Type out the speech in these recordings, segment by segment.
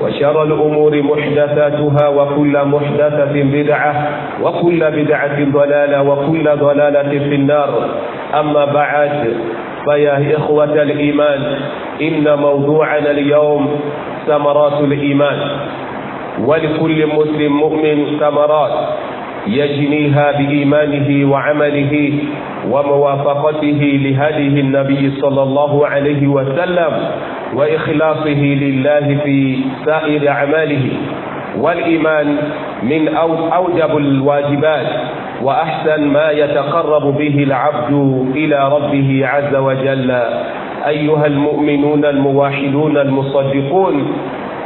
وشر الأمور محدثاتها وكل محدثة بدعة وكل بدعة ضلالة وكل ضلالة في النار أما بعد فيا إخوة الإيمان إن موضوعنا اليوم ثمرات الإيمان ولكل مسلم مؤمن ثمرات يجنيها بإيمانه وعمله وموافقته لهذه النبي صلى الله عليه وسلم وإخلاصه لله في سائر أعماله والإيمان من أوجب الواجبات وأحسن ما يتقرب به العبد إلى ربه عز وجل أيها المؤمنون الموحدون المصدقون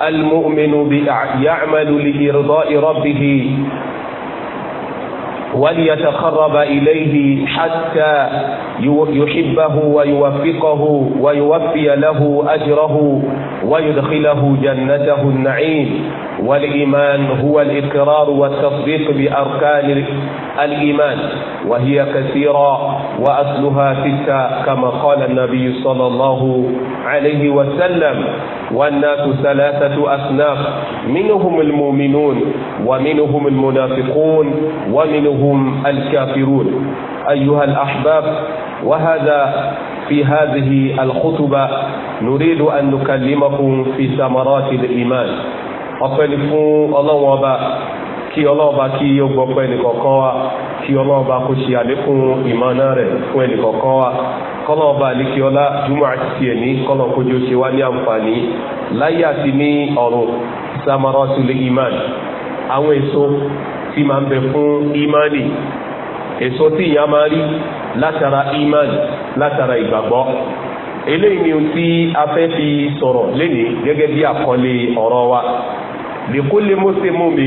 المؤمن يعمل لإرضاء ربه وليتقرب إليه حتى يحبه ويوفقه ويوفي له أجره ويدخله جنته النعيم والإيمان هو الإقرار والتصديق بأركان الإيمان وهي كثيرة وأصلها ستة كما قال النبي صلى الله عليه وسلم والناس ثلاثة أصناف منهم المؤمنون ومنهم المنافقون ومنهم الكافرون أيها الأحباب وهذا في هذه الخطبة نريد أن نكلمكم في ثمرات الإيمان أقل فون الله وبا kí ọlọ́ọ̀ba kí ó gbọ́pẹ́ ẹnìkọ̀ọ̀kan wa kí ọlọ́ọ̀ba kó ṣe àlékún ìmọ̀nà rẹ̀ fún ẹnìkọ̀ọ̀kan wa kọlọ́ọ̀bá àlékiọlá júmọ̀ àti tiẹ̀ ní kọlọ̀kójú ṣe wá ní àǹfààní láyé àti ní ọ̀run àwọn èso tí máa ń bẹ fún imani èso tí ìyá máa rí látara imani látara ìgbàgbọ́ eléyìí ni a fi sọ̀rọ̀ lénìí gẹ́gẹ́ bí àkọlé wa lèkó mọ́sẹ̀ mọ́mi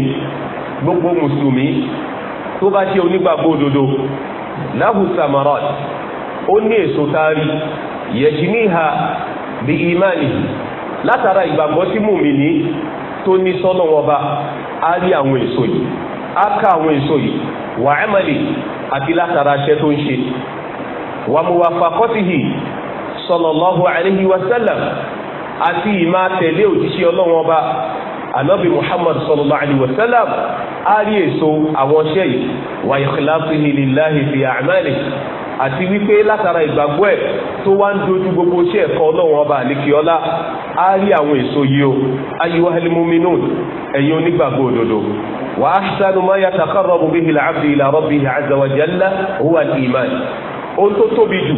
gbogbo musulmi tó bá ṣe onígbàgbọ́ òdodo lahu samarat ó ní èso taari yẹjìníha bí imani látara ìgbàgbọ́ tí mùmíní tó ní sọ́nà wọn bá a rí àwọn èso yìí a ká àwọn èso yìí wà àti látara tó ń ṣe wà wa sallam àti ìmá tẹ̀lé òjíṣẹ́ ọlọ́wọ́n anabi muhammad sallallahu alayhi wa sallam a rí èso àwọn iṣẹ́ yìí wà ikhlasihi lillahi fi a'mali àti wípé látara ìgbàgbọ́ ẹ̀ tó wá ń dojú gbogbo iṣẹ́ ẹ̀kọ́ ọlọ́run ọba àlekíọ́lá a rí àwọn èso yìí o ayyuhal mu'minun ẹ̀yin onígbàgbọ́ òdodo wa ahsanu ma yataqarrabu bihi al-'abdu ila rabbihi azza wa jalla ohun tó tóbi jù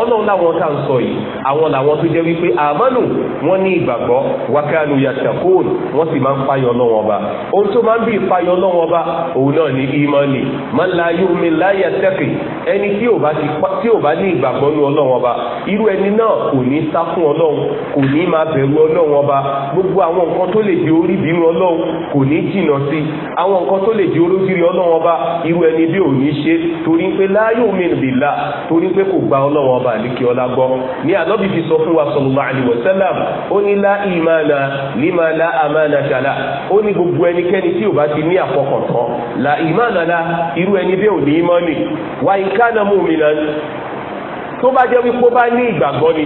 ọlọ́run láwọn tá à ń sọ yìí àwọn làwọn tó jẹ́ wípé àmánù wọ́n ní ìgbàgbọ́ wákàlù yàtàkùn wọ́n sì máa ń payọ̀ ọlọ́run ọba ohun tó máa ń bí ìpayọ̀ ọlọ́run ọba òun náà ní ìmánì máa ń la yóò mi láyà tẹ́kì ẹni tí ò bá ní ìgbàgbọ́ ní ọlọ́run ọba irú ẹni náà kò ní sá fún ọlọ́run kò ní máa bẹ̀rù ọlọ́run ọba gbogbo àwọn nǹkan tó lè di orí bínú ọlọ́run kò ní jìnnà sí àwọn nǹkan tó lè di orí bínú ọlọ́run ọba irú ẹni bí ò ní ṣe torí pé láyò mi bìlà torí pé kò gba ọlọ́run ọba àlékè ọlá gbọ́ ní ànábì fi sọ fún wa sallallahu alaihi wasallam ó ní lá ìmánà lima lá àmánà ṣàlà ó ní gbogbo ẹnikẹ́ni tí ò bá ti ní àfọkàntán lá ìmánà lá irú ẹni bẹ́ẹ̀ ò ní ìmánì wà in kana mu'minan tó bá jẹ́ wípé ó bá ní ìgbàgbọ́ ni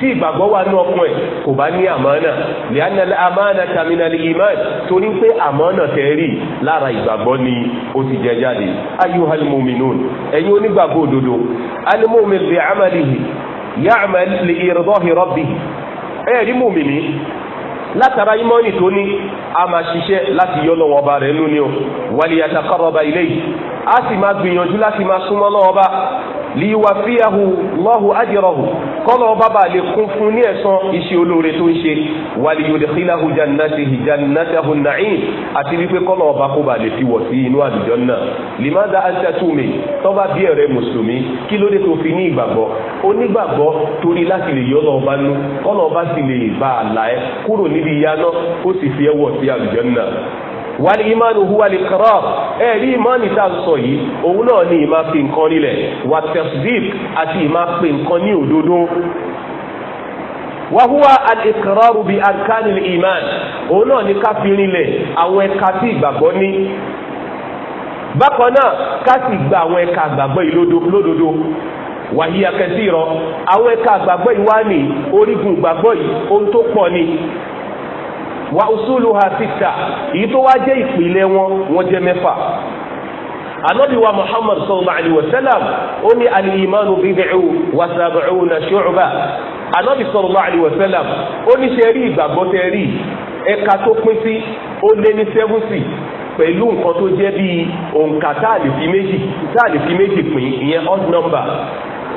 tí ìgbàgbọ́ wà ní ọkùn ẹ̀ kò bá ní àmánà lẹ́yìn àmánà tàmínàlì iman torí pé àmánà tẹ̀rí lára ìgbàgbọ́ ni ó ti jẹ jáde ayyuhal mu'minun ẹ̀yin onígbàgbọ́ òdodo al-mu'min bi'amalihi ya'mal li irdahi rabbih ẹ̀rí látara imọ́nì tó ní a máa ṣiṣẹ́ láti yọ lọ́wọ́ ọba rẹ̀ lónìí o wàlíyàtà kọ́rọ̀ba ilé yìí a sì máa gbìyànjú láti máa súnmọ́ lọ́wọ́ ọba liwa fiyahu lọ́hu ajirahu kọ́lọ́ ọba bá lè kún fún ní ẹ̀san iṣẹ́ olóore tó ń ṣe wàlíyòdìkíláhu jannatihi jannatahu na'im àti wípé kọ́lọ́ ọba kó bá lè fi wọ̀ sí inú àlùjọ náà limada antatumi tọ́ba bí ẹ̀rẹ́ mùsùlùmí kí ló dé tó fi ní ìgbàgbọ́ onígbàgbọ́ torí láti lè yọ́ lọ́ọ̀bá nú kọ́lọ́ọ̀bá sì lè bá àlá ẹ kúrò níbi ìyá náà ó sì fi ẹwọ̀ sí àlùjánnà wàlí ìmánu huwa lè kọ́rọ̀ ẹ̀rí ìmánu tá a sọ yìí òun náà ni ìmá fi nǹkan nílẹ̀ wà tẹ̀sídìp àti ìmá pe nǹkan ní òdodo wàhúwa àdìkọ́rọ́rù bíi àkàní ìmán òun náà ni ká fi rinlẹ̀ àwọn ẹ̀ka tí ìgbàgbọ́ ní bákan náà ká sì gba àwọn ẹ̀ka àgbàgbọ́ ìlódodo wàhí akẹ́sí rọ àwọn ẹ̀ka àgbàgbọ́ yìí wá ní orígun ìgbàgbọ́ yìí ohun tó pọ̀ ni wa usulu ha sita èyí tó wá jẹ́ ìpìlẹ̀ wọn wọ́n jẹ́ mẹ́fà anabiwa muhammad sallallahu alaihi wa sallam ó ní alìyimanu bíbẹ̀ẹ́ wa sàbẹ̀ẹ́ na ṣùgbà anabi sallallahu alaihi wa sallam ó ní ṣe rí ìgbàgbọ́ tẹ́ rí ẹ̀ka tó pín sí ó lé ní sẹ́fúnsì pẹ̀lú nǹkan tó jẹ́ bíi òǹkà tá a lè fi méjì pín ìyẹn odd number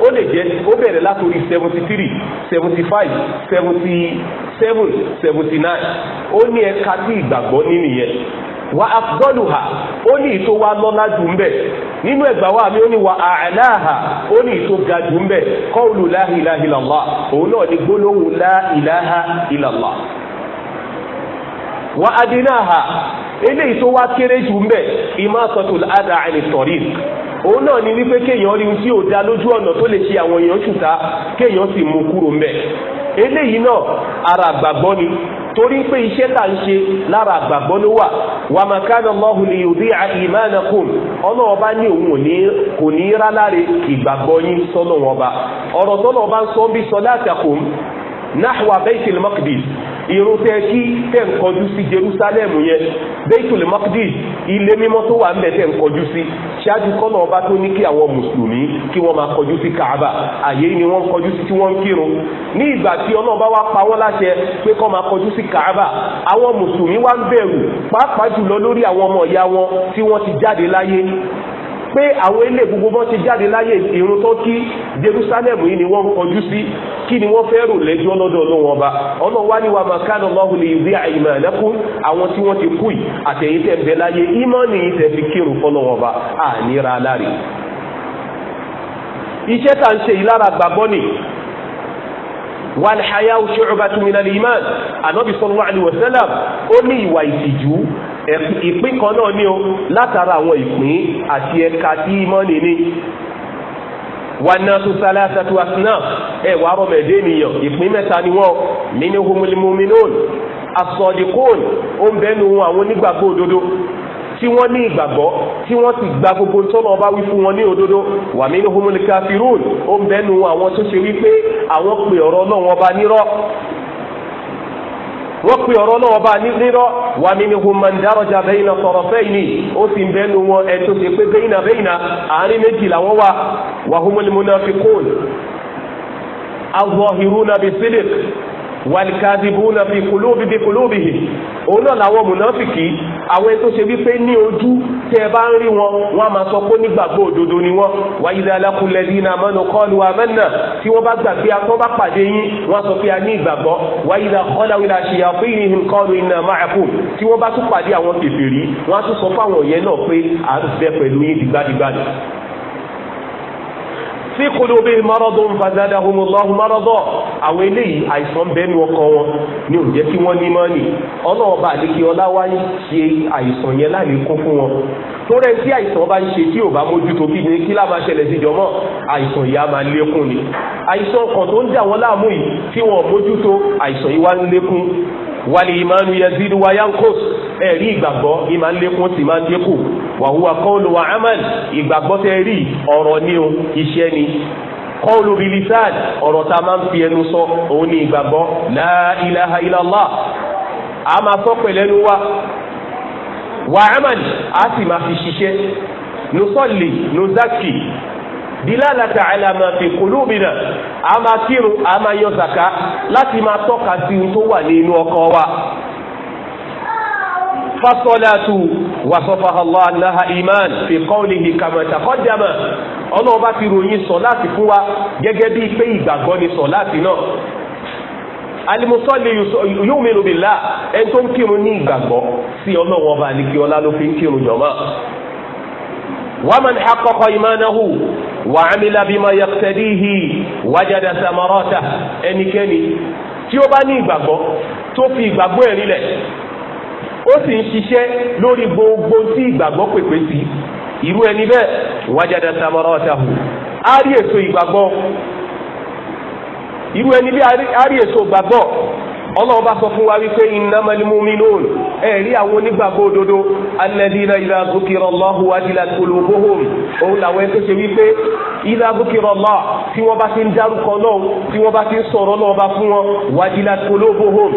ó lè jẹ́ ó bẹ̀rẹ̀ látòrí seventy three seventy five seventy seven seventy nine ó ní ẹ̀ka tí ìgbàgbọ́ nínú yẹn wa afdoluha ó ní ìtò wa lọ́lá jù ń bẹ̀ nínú ẹgbà wa mi ó ní wa àláha ó ní ìtò ga jù ń bẹ̀ kọ́ọ̀lù la ilaha òun náà ní gbólóhùn la ilaha illallah wa adinaha eléyìí tó wá kéré jù ń bẹ̀ ìmọ̀ sọ́tò àdá àìní tọ̀rí òun náà ni wípé kéèyàn rí ohun tí ò da lójú ọ̀nà tó lè ṣe àwọn èèyàn ṣùtá kéèyàn sì mú kúrò ńbẹ̀ eléyìí náà ara àgbàgbọ́ ni torí pé iṣẹ́ tá ṣe lára àgbàgbọ́ ló wà wà má ká lọ lọ́hùn lè yòdí ìmánakùn ọlọ́wọ́ bá ní òun kò ní rá láre ìgbàgbọ́ ọba ọ̀rọ̀ irun tẹ́ kí tẹ́ ń kọjú sí Jerusalem yẹn Baitul Maqdis ilé mímọ́ tó wà ńbẹ̀ tẹ́ ń kọjú sí ṣáájú kọ́nà ọba tó ní kí àwọn mùsùlùmí kí wọ́n máa kọjú sí Kaaba àyè ni wọ́n kọjú sí tí wọ́n ń kírun ní ìgbà tí ọlọ́ọ̀bá wa pa wọ́n láṣẹ pé kọ́ máa kọjú sí Kaaba àwọn mùsùlùmí wá ń bẹ̀rù pàápàá jùlọ lórí àwọn ọmọ ìyá wọn tí wọ́n ti jáde láyé pé àwọn ilé gbogbo bọ́n ti jáde láyé ìrun tó kí Jerusalem yìí ni wọ́n kọjú sí kí ni wọ́n fẹ́ rò lẹ́jọ́ lọ́dọ̀ ọlọ́wọ́n ọba ọlọ́run wá ní wa ma kana Allahu li yudi'a imanakum àwọn tí wọ́n ti kú yìí àtẹ̀yìn tẹ̀ bẹ́ láyé ìmánì yìí tẹ̀ fi kírun fọlọ́wọ́n ọba àníra aláre iṣẹ́ tá à ń ṣe yìí lára gbàgbọ́ ni wàlhayá ṣu'batun iman ànábì sallallahu wasallam ó ní ìwà ìpín kan náà ní o látara àwọn ìpín àti ẹ̀ka tí ìmọ̀ni ní wanasu salasatu asnaf ẹ wàá rọ mẹdé nìyàn ìpín mẹ́ta ni wọn minihumul mu'minun asọdikun ó ń bẹnu àwọn onígbàgbọ́ òdodo tí wọ́n ní ìgbàgbọ́ tí wọ́n ti gba gbogbo tọ́lọ̀ ọba wí fún wọn ní òdodo wà mí ní humul kafirun ó ń bẹnu àwọn tó ṣe wípé àwọn pè ọ̀rọ̀ náà wọn bá nírọ́ wọ́n pe ọ̀rọ̀ náà ọba nírọ́ wà mí ni human daraja bẹ́yìnà sọ̀rọ̀ fẹ́yìn ni ó sì ń bẹ́nu wọn ẹ̀ tó pé bẹ́yìnà bẹ́yìnà àárín méjì làwọn wà wà humul munafiqun azọ̀hìrúnà bisidik walikadibuna fi kulubi bi kulubihi òun náà làwọn mùnàfìkì àwọn ètò ṣe wípé ní ojú tí ẹ bá ń rí wọn wọn a máa sọ pé onígbàgbọ́ òdodo ni wọn wáyídá alákùnlẹ́dí náà mọ́nà kọ́ọ̀lù amẹ́nà tí wọ́n bá gbàgbé atọ́ bá pàdé yín wọ́n sọ pé a ní ìgbàgbọ́ wáyídá kọ́láwìlà ṣìyà ìhìn kọ́ọ̀lù iná máàkù tí wọ́n bá tún pàdé àwọn kèfèrí wọ́n á tún sọ fáwọn òyìn náà pé à ń bẹ yín dìgbàdìgbàdì fi qulubihim maradun fazadahumullahu marada àwọn eléyìí àìsàn bẹ́ẹ̀nu ọkọ wọn ni ò jẹ́ kí wọ́n ní mọ́ọ̀nì ọlọ́ọ̀bá àdékí ọláwá ṣe àìsàn yẹn lálékún fún wọn tó rẹ̀ tí àìsàn bá ń ṣe tí ò bá mójútó kí ni kí lábàá ṣẹlẹ̀ sí jọmọ́ àìsàn yìí á máa lékún ni àìsàn kan tó ń dà wọ́n láàmú yìí tí wọ́n mójútó àìsàn yìí wá ń lékún wàlí ìmánu yazidu wa yankos ẹ̀rí ìgbàgbọ́ ìmá lékún sì máa ń dínkù wàhùwà kọ́ọ̀lù wa amal ìgbàgbọ́ tẹ́ rí ọ̀rọ̀ ní o iṣẹ́ ni kọ́ọ̀lù bilisan ọ̀rọ̀ tá a máa ń fi ẹnu sọ òun ní ìgbàgbọ́ la ilaha a máa sọ pẹ̀lẹ́nu wa wa amal a sì máa fi ṣiṣẹ́ nusọ́lì nuzaki dilalata ala ma fi kulubina a máa kírun a máa yọ zaka láti máa tọ́ka sí ohun tó wà nínú ọkọ wa. fasolatu wasofahala alaha iman fi qawlihi kama taqaddama ọlọ́wọ́ bá ti ròyìn sọ láti fún wa gẹ́gẹ́ bíi pé ìgbàgbọ́ ni sọ láti náà alimusọli yuminu bila ẹni tó ń kírun ní ìgbàgbọ́ sí ọlọ́wọ́ bá alikiola ló fi ń kírun jọ̀mọ́. waman haqqaqa imanahu wa amila bima yaqtadihi wajada samarata ẹnikẹ́ni tí ó bá ní ìgbàgbọ́ tó fi ìgbàgbọ́ ẹ̀rí lẹ̀ ó sì ń ṣiṣẹ́ lórí gbogbo tí ìgbàgbọ́ pèpè sí irú ẹni bẹ́ẹ̀ wájàdá samaratahu á rí èso ìgbàgbọ́ irú ẹni bẹ́ẹ̀ á rí èso ìgbàgbọ́ ọlọ́run bá sọ fún wa wípé innamal mu'minun ẹ̀rí àwọn onígbàgbọ́ òdodo alladhina idha dhukira Allahu wajilat qulubuhum òun làwọn ẹni tó ṣe wípé idha dhukira Allah tí wọ́n bá ti ń dárúkọ náà tí wọ́n bá ti ń sọ̀rọ̀ náà bá fún wọn wajilat qulubuhum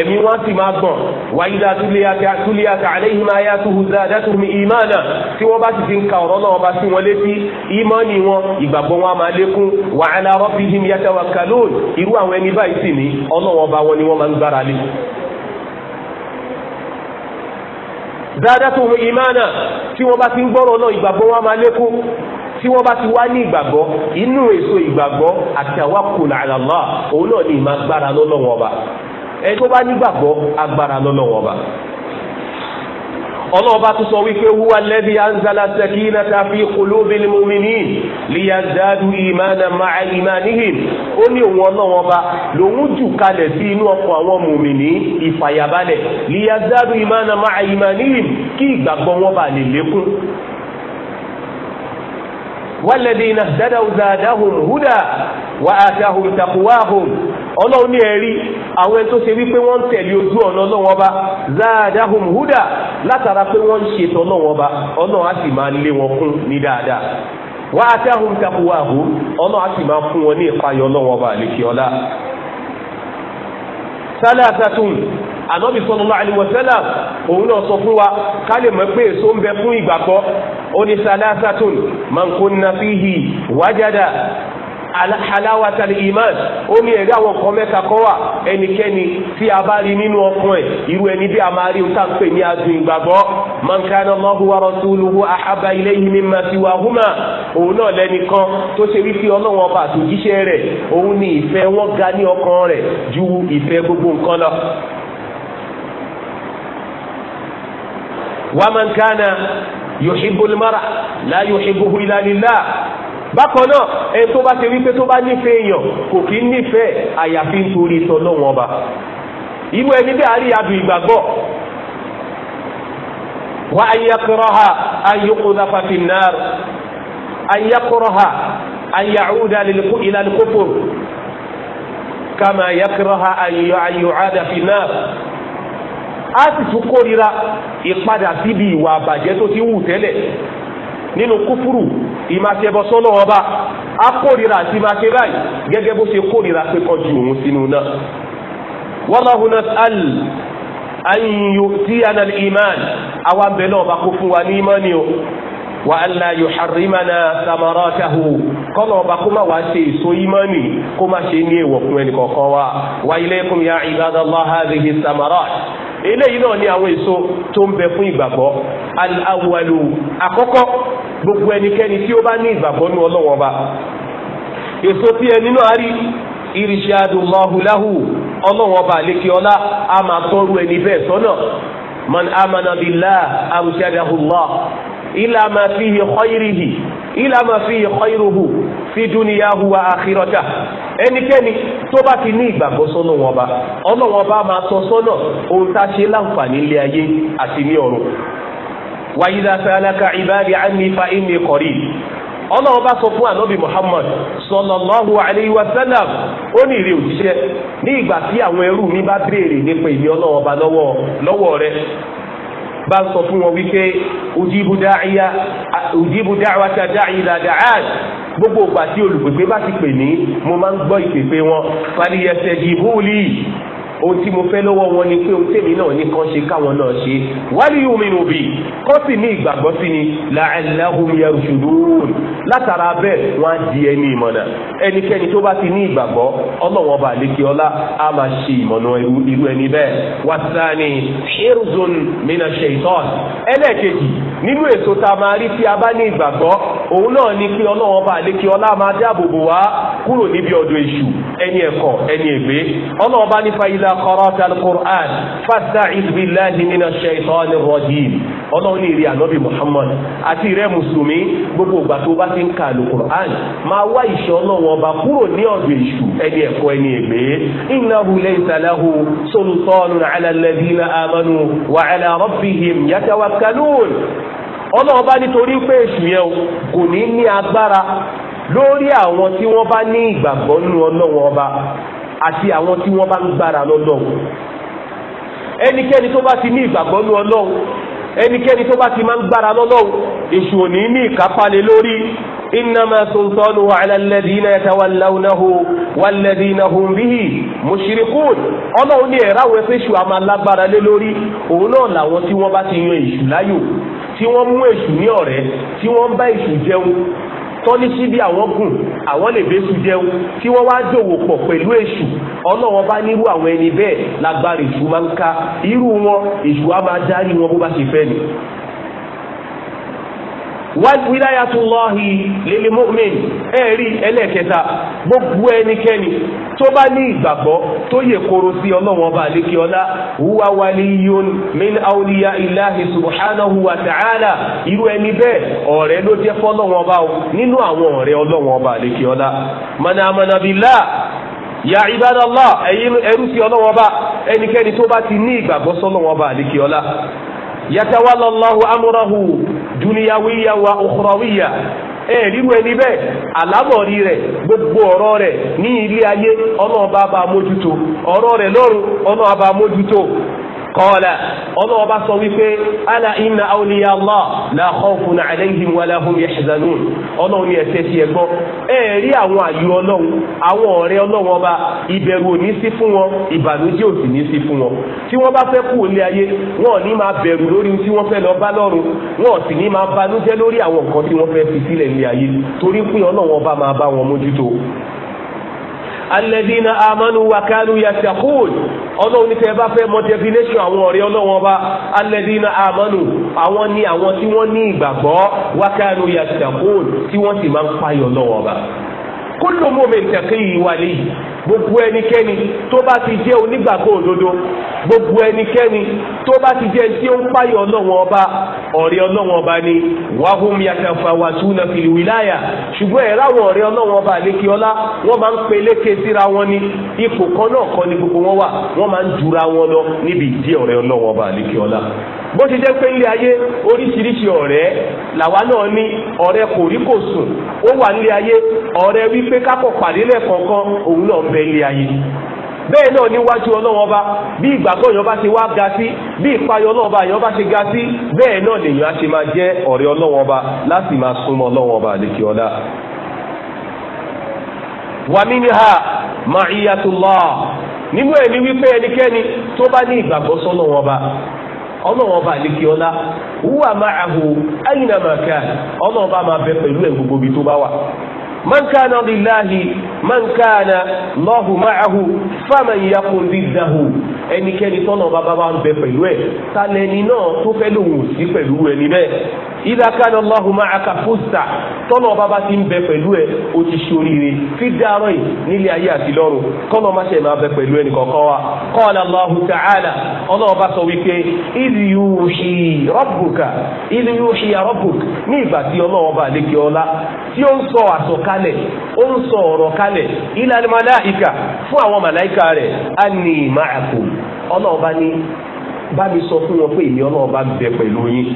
ẹ̀mí wọn sì máa gbọ̀n wa idha tuliyat alayhim ayatuhu zadatuhum imana tí wọ́n bá sì ti ń ka ọ̀rọ̀ náà bá sí wọn létí ìmánì wọn ìgbàgbọ́ wọn á máa lékún wa ala rabbihim yatawakkalun irú àwọn ẹni báyìí sì ní ọlọ́wọ́n bá wọn ni wọ́n wọ́n máa ń gbára lé. zadatuhum imana tí wọ́n bá ti ń gbọ́rọ̀ náà ìgbàgbọ́ wọn máa lékún tí wọ́n bá ti wá ní ìgbàgbọ́ inú èso ìgbàgbọ́ àti àwákùn ala Allah òun náà ní ìmọ̀ agbára lọ́lọ́wọ́n ọba ẹni tó bá nígbàgbọ́ agbára lọ́lọ́wọ́n ọba ọlọ́run bá tún sọ wípé wúwa lẹ́bí anzala sakinata fi qulubil mu'minin liyazdadu ìmánà ma'a ìmánihim ó ní òun ọlọ́run ọba lòun jù kalẹ̀ sí inú ọkọ̀ àwọn mùmìnì ìfàyàbalẹ̀ liyazdadu ìmánà ma'a ìmánihim kí ìgbàgbọ́ wọn bá lè lékún walladhina ihtadaw zadahum huda wa atahum taqwahum ọlọ́run ní ẹ̀rí àwọn ẹni tó ṣe wípé wọ́n ń tẹ̀lé ojú ọ̀nà ọba huda látara pé wọ́n ń ṣètò ọlọ́run ọba ọlọ́run á sì máa lé wọn kún ní dáadáa wa atahum taqwahum ọlọ́run á sì máa fún wọn ní ọba àlèkè sálàtàtún ànábì sallallahu alaihi wasallam òun náà sọ fún wa ká lè mọ̀ pé èso ń bẹ fún ìgbàgbọ́ ó ní sálàtàtún man kunna fihi wajada aláwàtàlì iman ó ní ẹ̀rí àwọn nǹkan mẹ́ta kan wà ẹnikẹ́ni tí a bá rí nínú ọkàn ẹ̀ irú ẹni bí a máa rí ọ̀tá pè ní adùn ìgbàgbọ́ man kana Allahu wa rasuluhu ahabba ilayhi mimma siwahuma òun náà lẹ́nìkan tó ṣe wípé ọlọ́wọ́n ọba àtòjíṣẹ́ rẹ̀ òun ni ìfẹ́ wọn ga ní ọkàn rẹ̀ ju ìfẹ́ gbogbo nǹkan lọ. wa man kana la yuhibbuhu illa lillah bákan náà ẹni tó bá ti wípé tó bá nífẹ̀ẹ́ èèyàn kò kí ń nífẹ̀ẹ́ àyàfi nítorí tọ́lọ́wọ́n ọba irú ẹni bẹ́ẹ̀ àrí adù ìgbàgbọ́ wa ayakuraha ayukudafa fi nar ayakuraha ayacuda kama ayakuraha ayucada fi a sì tún kórira ìpadà síbi ìwà àbàjẹ́ tó ti wù tẹ́lẹ̀ nínú kúfúrù ìmàṣẹbọ sọ́nà ọba á kórìíra àti ìmàṣẹ báyìí gẹ́gẹ́ bó ṣe kórìíra pé kọjú òun sínú náà. wallahu nas'al an yu'tiyana al-iman àwọn abẹ náà kó fún wa ní ìmánì o wa alla yuharrimana samaratahu kọlọ ọba kó má wá ṣe èso ìmánì kó má ṣe ní èèwọ̀ fún ẹnì kọ̀ọ̀kan wa wa ilaykum ya ibadallah hadhihi samarat eléyìí náà ní àwọn èso tó ń bẹ fún ìgbàgbọ́ al àkọ́kọ́ gbogbo ẹnikẹ́ni tí ó bá ní ìgbàgbọ́ ní Ọlọ́hun Ọba èso tí ẹni náà rí irshadullahu lahu Ọlọ́hun Ọba àlékè ọlá a máa tọ́rú ẹni bẹ́ẹ̀ sọ́nà man amana billah Allah ila ma fihi khayrihi ila ma fihi khayruhu fi duniyahu wa akhirata ẹnikẹ́ni tó bá ti ní ìgbàgbọ́ sọ́nà wọn ba ọ̀nà wọn bá máa tọ́ sọ́nà ohun tá a ṣe láǹfààní ilé ayé àti ní ọ̀run. wa idha salaka ibadi anni fa inni qarib bá sọ fún anabi muhammad sallallahu alayhi wa sallam ó ní ìrè òjíṣẹ́ ní ìgbà tí àwọn ẹrú mi bá béèrè nípa bá sọ fún wọn wípé òjìbù dáwàtà dáì dáadáa gbogbo ìgbà tí olùpèpè bá ti pè ní mo máa ń gbọ́ ìpèpè wọn fàlìyẹsẹ̀ ìbúlì ohun tí mo fẹ́ lọ́wọ́ wọn ni pé ohun tèmi náà ní kán ṣe káwọn náà ṣe wálé yuminu bi kọ́ sì ní ìgbàgbọ́ sí ni la'allahum yarshudun látara bẹ́ẹ̀ wọ́n á di ẹni ìmọ̀nà ẹnikẹ́ni tó bá ti ní ìgbàgbọ́ ọlọ́wọ́n bá lékè ọlá á máa ṣe ìmọ̀nà irú ẹni bẹ́ẹ̀ wasani hirzun mina shaitan ẹlẹ́ẹ̀kejì nínú èso tá a máa rí tí a bá ní ìgbàgbọ́ òun náà ni pé ọlọ́wọ́n bá lékè ọlá máa dáàbòbò wá kúrò níbi ọ̀dọ̀ èṣù ẹni ẹ̀kọ́ ẹni ègbé ọlọ́wọ́n bá ní fàyíl idha qara'ta al-Qur'an fasta'iz billahi minash shaitanir rajim ọlọ́run ní ìrì ànábì Muhammad àti ìrẹ́ mùsùlùmí gbogbo ìgbà tó bá ti ń ka al-Qur'an máa wá ìṣẹ́ ọlọ́run ọba kúrò ní ọ̀dọ̀ èṣù ẹni ẹ̀kọ́ ẹni ègbé innahu laysa lahu sultanun ala alladhina amanu wa ala rabbihim àti àwọn tí wọ́n bá ń gbára lọ́lọ́run ẹnikẹ́ni tó bá ti ní ìgbàgbọ́ ní ọlọ́run ẹnikẹ́ni tó bá ti máa ń gbára lọ́lọ́run èṣù òní ní ìkápálẹ̀ lórí innama sultanu ala alladhina yatawallawnahu walladhina tọ́ ní síbi àwọn gùn àwọn lè bẹ́sù jẹun tí wọ́n wá dòwò pọ̀ pẹ̀lú èṣù ọlọ́wọ́n bá nírú àwọn ẹni bẹ́ẹ̀ lágbára èṣù máa ń ká irú wọn èṣù á máa darí wọn bó bá ṣe fẹ́ ni wíláyàtúlọ́hì lélẹ́mọ́mìn ẹ̀rí ẹlẹ́ẹ̀kẹta gbogbo ẹnikẹ́ni tó bá ní ìgbàgbọ́ tó yẹ kóró sí ọlọ́wọ́n ọba àlékè ọlá huwa waliyun min awliya ilahi subhanahu wa ta'ala irú ẹni bẹ́ẹ̀ ọ̀rẹ́ ló jẹ́ fọ́lọ́wọ́n ọba o nínú àwọn ọ̀rẹ́ ọlọ́wọ́n ọba àlékè ọlá mọ̀nàmọ́nàbílà ya ibadallah ẹ̀yin ẹrú sí ọlọ́wọ́n ọba ẹnikẹ́ni tó bá ti ní ìgbàgbọ́ sọ́lọ́wọ́n ọba àlékè ọlá yatawalla Allahu amúrahu duniyawiya wa ukhrawiya ẹ ríru ẹni bẹ́ẹ̀ àlámọ̀rí rẹ gbogbo ọrọ rẹ ní ilé ayé ọlọ́ọ̀bá bá mójútó ọ̀rọ̀ rẹ̀ lọ́run ọlọ́ọ̀bá mójútó kọla ọlọ́wọ́ bá sọ wípé ala inna awliya allah la khawfun alayhim wala hum yahzanun ọlọ́run ní ẹ̀sẹ̀ sí ẹgbọ́ ẹ rí àwọn àyù ọlọ́run àwọn ọ̀rẹ́ ọlọ́run ọba ìbẹ̀rù òní sí fún wọn ìbànújẹ́ òsì ní sí fún wọn tí wọ́n bá fẹ́ kú òlé ayé wọn ò ní máa bẹ̀rù lórí wọn ò sì ní máa banújẹ́ lórí àwọn nǹkan tí wọ́n fẹ́ fi sílẹ̀ ayé torí pé ọlọ́run ọba máa bá wọn mójútó alẹ́dínà amánu wakánu yasakun ọlọ́run níta ẹ bá fẹ́ mọ definition àwọn ọ̀rẹ́ ọlọ́wọ́n bá alẹ́dínà amánu àwọn ni àwọn tí wọ́n ní ìgbàgbọ́ wakánu yasakun tí wọ́n sì máa ń payọ̀ ọlọ́wọ́n bá kó mi tẹ̀kí yìí wálé gbogbo ẹnikẹ́ni tó bá ti jẹ́ onígbàgbọ́ òdodo gbogbo ẹnikẹ́ni tó bá ti jẹ́ tí ó ń páyọ̀ ọlọ́wọ́n ọba ọ̀rẹ́ ọlọ́wọ́n ọba ni wahum yatafawatuna fil wilaya ṣùgbọ́n ẹ̀rọ àwọn ọ̀rẹ́ ọlọ́wọ́n ọba àlékiọlá wọ́n máa ń peléke síra wọn ni ipò kan náà kọ́ ni gbogbo wọn wà wọ́n máa ń jura wọn lọ níbi ìdí ọ̀rẹ́ ọlọ́wọ́n ọba àlékiọlá bó ti jẹ́ pé nílé ayé oríṣiríṣi ọ̀rẹ́ làwa náà ní ọ̀rẹ́ kòríkòsùn ó wà nílé ayé ọ̀rẹ́ wípé kápọ̀ pàdé lẹ́ẹ̀kọ̀ọ̀kan òun náà ń b bẹ ilé ayé bẹ́ẹ̀ náà níwájú ọlọ́run ọba bí ìgbàgbọ́ ti wá ga sí bí ìpayọ ọlọ́run ọba ti ga sí bẹ́ẹ̀ náà lèèyàn á ṣe máa jẹ́ ọ̀rẹ́ ọlọ́run láti máa súnmọ́ ọlọ́run wà mí ní ha ma'iyatullah nínú ẹ̀ ní wípé ẹnikẹ́ni tó bá ní ìgbàgbọ́ wúwà máa من كان lillahi من كان الله معه فمن yakun diddahu ẹnikẹ́ni tọ́nà bàbá bá ń bẹ pẹ̀lú ẹ̀ talẹ́ni náà tó fẹ́ lòun sí pẹ̀lú ẹni bẹ́ẹ̀ idha kana Allahu ma'aka fósta tọ́nà bàbá ti ń bẹ pẹ̀lú ẹ̀ o ti ṣoríire fi dárọ̀ yìí nílé ayé àti lọ́run kọ́nà má ṣe máa bẹ pẹ̀lú ẹni kọ̀ọ̀kan wa qala Allahu ta'ala ọlọ́run sọ wípé idh yuhi rabbuka idh ní ìgbà tí ọlọ́run lékè ọlá tí ó ń sọ àsọ̀ká kalẹ̀ ó ń sọ ọ̀rọ̀ kalẹ̀ ilal màláìka fún àwọn màláìka rẹ̀ anni ma'akum ọlọ́ọ̀bá ní bá mi sọ fún wọn pé èmi ọlọ́ọ̀bá ń bẹ pẹ̀lú yín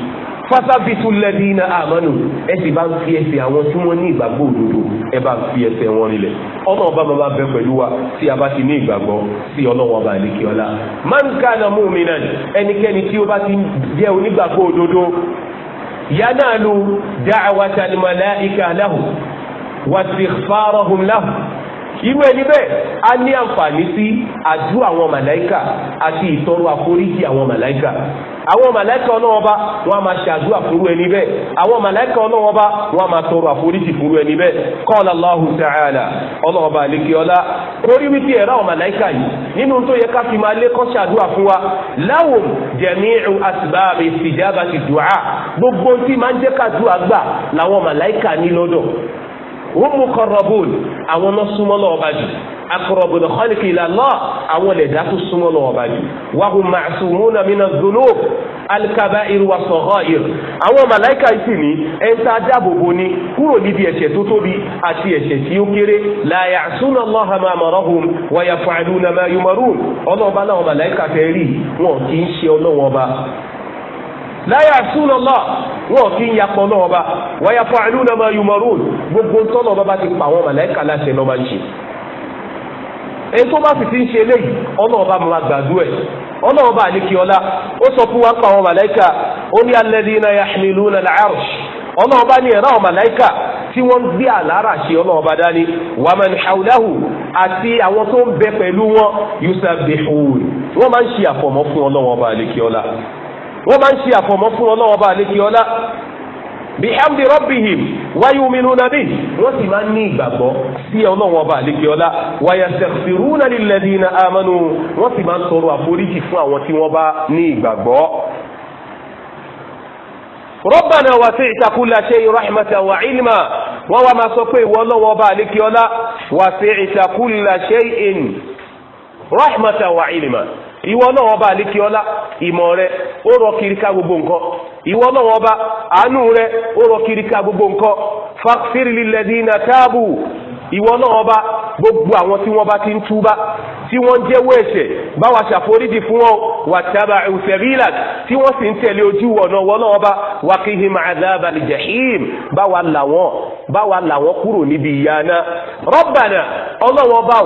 fasabitu lẹ́dínà àmọ́nù ẹ sì bá ń fi ẹsẹ̀ àwọn tí wọ́n ní ìgbàgbọ́ òdodo ẹ bá ń fi ẹsẹ̀ wọn rinlẹ̀ ọ̀nà ọba bẹ pẹ̀lú wa tí a bá ti ní ìgbàgbọ́ sí ọlọ́wọ́ àdìkí ọlá man kana mu'minan ẹnikẹ́ni tí ó bá ti jẹ́ onígbàgbọ́ òdodo yanalu da'watal malaika lahu wàsífàrọ̀hùn láhùn irú ẹni bẹ́ẹ̀ a ní àǹfààní sí àdúrà àwọn màláìkà àti ìtọrọ àforíjì àwọn màláìkà àwọn màláìkà ọlọ́wọ́ba wọn a máa ṣàdúrà fúru ẹni bẹ́ẹ̀ àwọn màláìkà ọlọ́wọ́ba wọn a máa tọrọ àforíjì fúru ẹni bẹ́ẹ̀ qala Allahu ta'ala ọlọ́wọ́ba àlekèọ́lá torí wípé ẹ̀rọ àwọn màláìkà yìí nínú tó yẹ ká fi máa lé kọ́ ṣàdúrà fún wa lahum jami'u asbabi istijabati du'a gbogbo tí máa ń jẹ́ ká dúà gbà làwọn màláìkà ní lọ́dọ̀ wọ́n mú kọ́rọ́bùn àwọn náà súnmọ́ lọ́wọ́ bá jù akọrọbùn kọ́nìkì ìlànà àwọn ẹ̀dá tó súnmọ́ lọ́wọ́ bá jù wàhùn màṣùmúnà mí náà dùnú alikaba irwa sọ̀rọ̀ ir àwọn màláìka sì ní ẹ̀ńtà dáàbòbò ni kúrò níbi ẹ̀ṣẹ̀ tó tóbi àti ẹ̀ṣẹ̀ tí ó kéré láyà àsúná lọ́ha wàyà fàánù ọlọ́ọ̀bá náà màláìka fẹ́ rí wọn kì í ṣe ọlọ́wọ́n láyà súnà náà wọn kì í yapọ̀ náà ọba wọ́n yapọ̀ na náà máa gbogbo tọ́nà ọba ti pa àwọn màláìka láṣẹ náà máa ń ṣe èyí tó bá sì ti ń ṣe eléyìí ọlọ́ọ̀ba máa gbàdúrà ẹ̀ ọlọ́ọ̀ba tí wọ́n gbé ṣe dání wa àti àwọn tó ń bẹ pẹ̀lú wọn wọ́n máa ń ṣe àfọ̀mọ́ fún wọ́n máa ń ṣe àfọ̀mọ́ fún ọlọ́wọ́ bá àlejò ọlá bihamdi rọ́bìhìm wayu'minuna bihi wọ́n sì máa ń ní ìgbàgbọ́ sí ọlọ́wọ́n ọba àlekèọ́lá wayastaghfiruna lilladhina amanu wọ́n sì máa ń tọrọ àforíjì fún àwọn tí wọ́n bá ní ìgbàgbọ́. Rabbana wasi'ta kulla shay'in rahmatan wa 'ilma wọ́n wá máa sọ pé ìwọ ọlọ́wọ́n ọba àlekèọ́lá wasi'ta kulla shay'in rahmatan wa 'ilma ìwọ ọlọ́wọ́ bá àlékí ọlá ìmọ̀ rẹ ó rọ kiri ká gbogbo nǹkan ìwọ ọlọ́wọ́ bá àánú rẹ ó rọ kiri ká gbogbo nǹkan fàkfírìlì lẹ́dínà táàbù ìwọ ọlọ́wọ́ bá gbogbo àwọn tí wọ́n bá ti ń túbá tí wọ́n ń jẹ́wọ́ ẹ̀ṣẹ̀ bá wa ṣàforíjì fún wọn wàtàbà ìṣẹ̀rílà tí wọ́n sì ń tẹ̀lé ojú ọ̀nà wọlọ́wọ́ bá wàkíhìm àdáàbà lìjẹ̀hìm bá wa là wọ́n bá wa là kúrò níbi ìyá náà rọ́bànà ọlọ́wọ́ ọba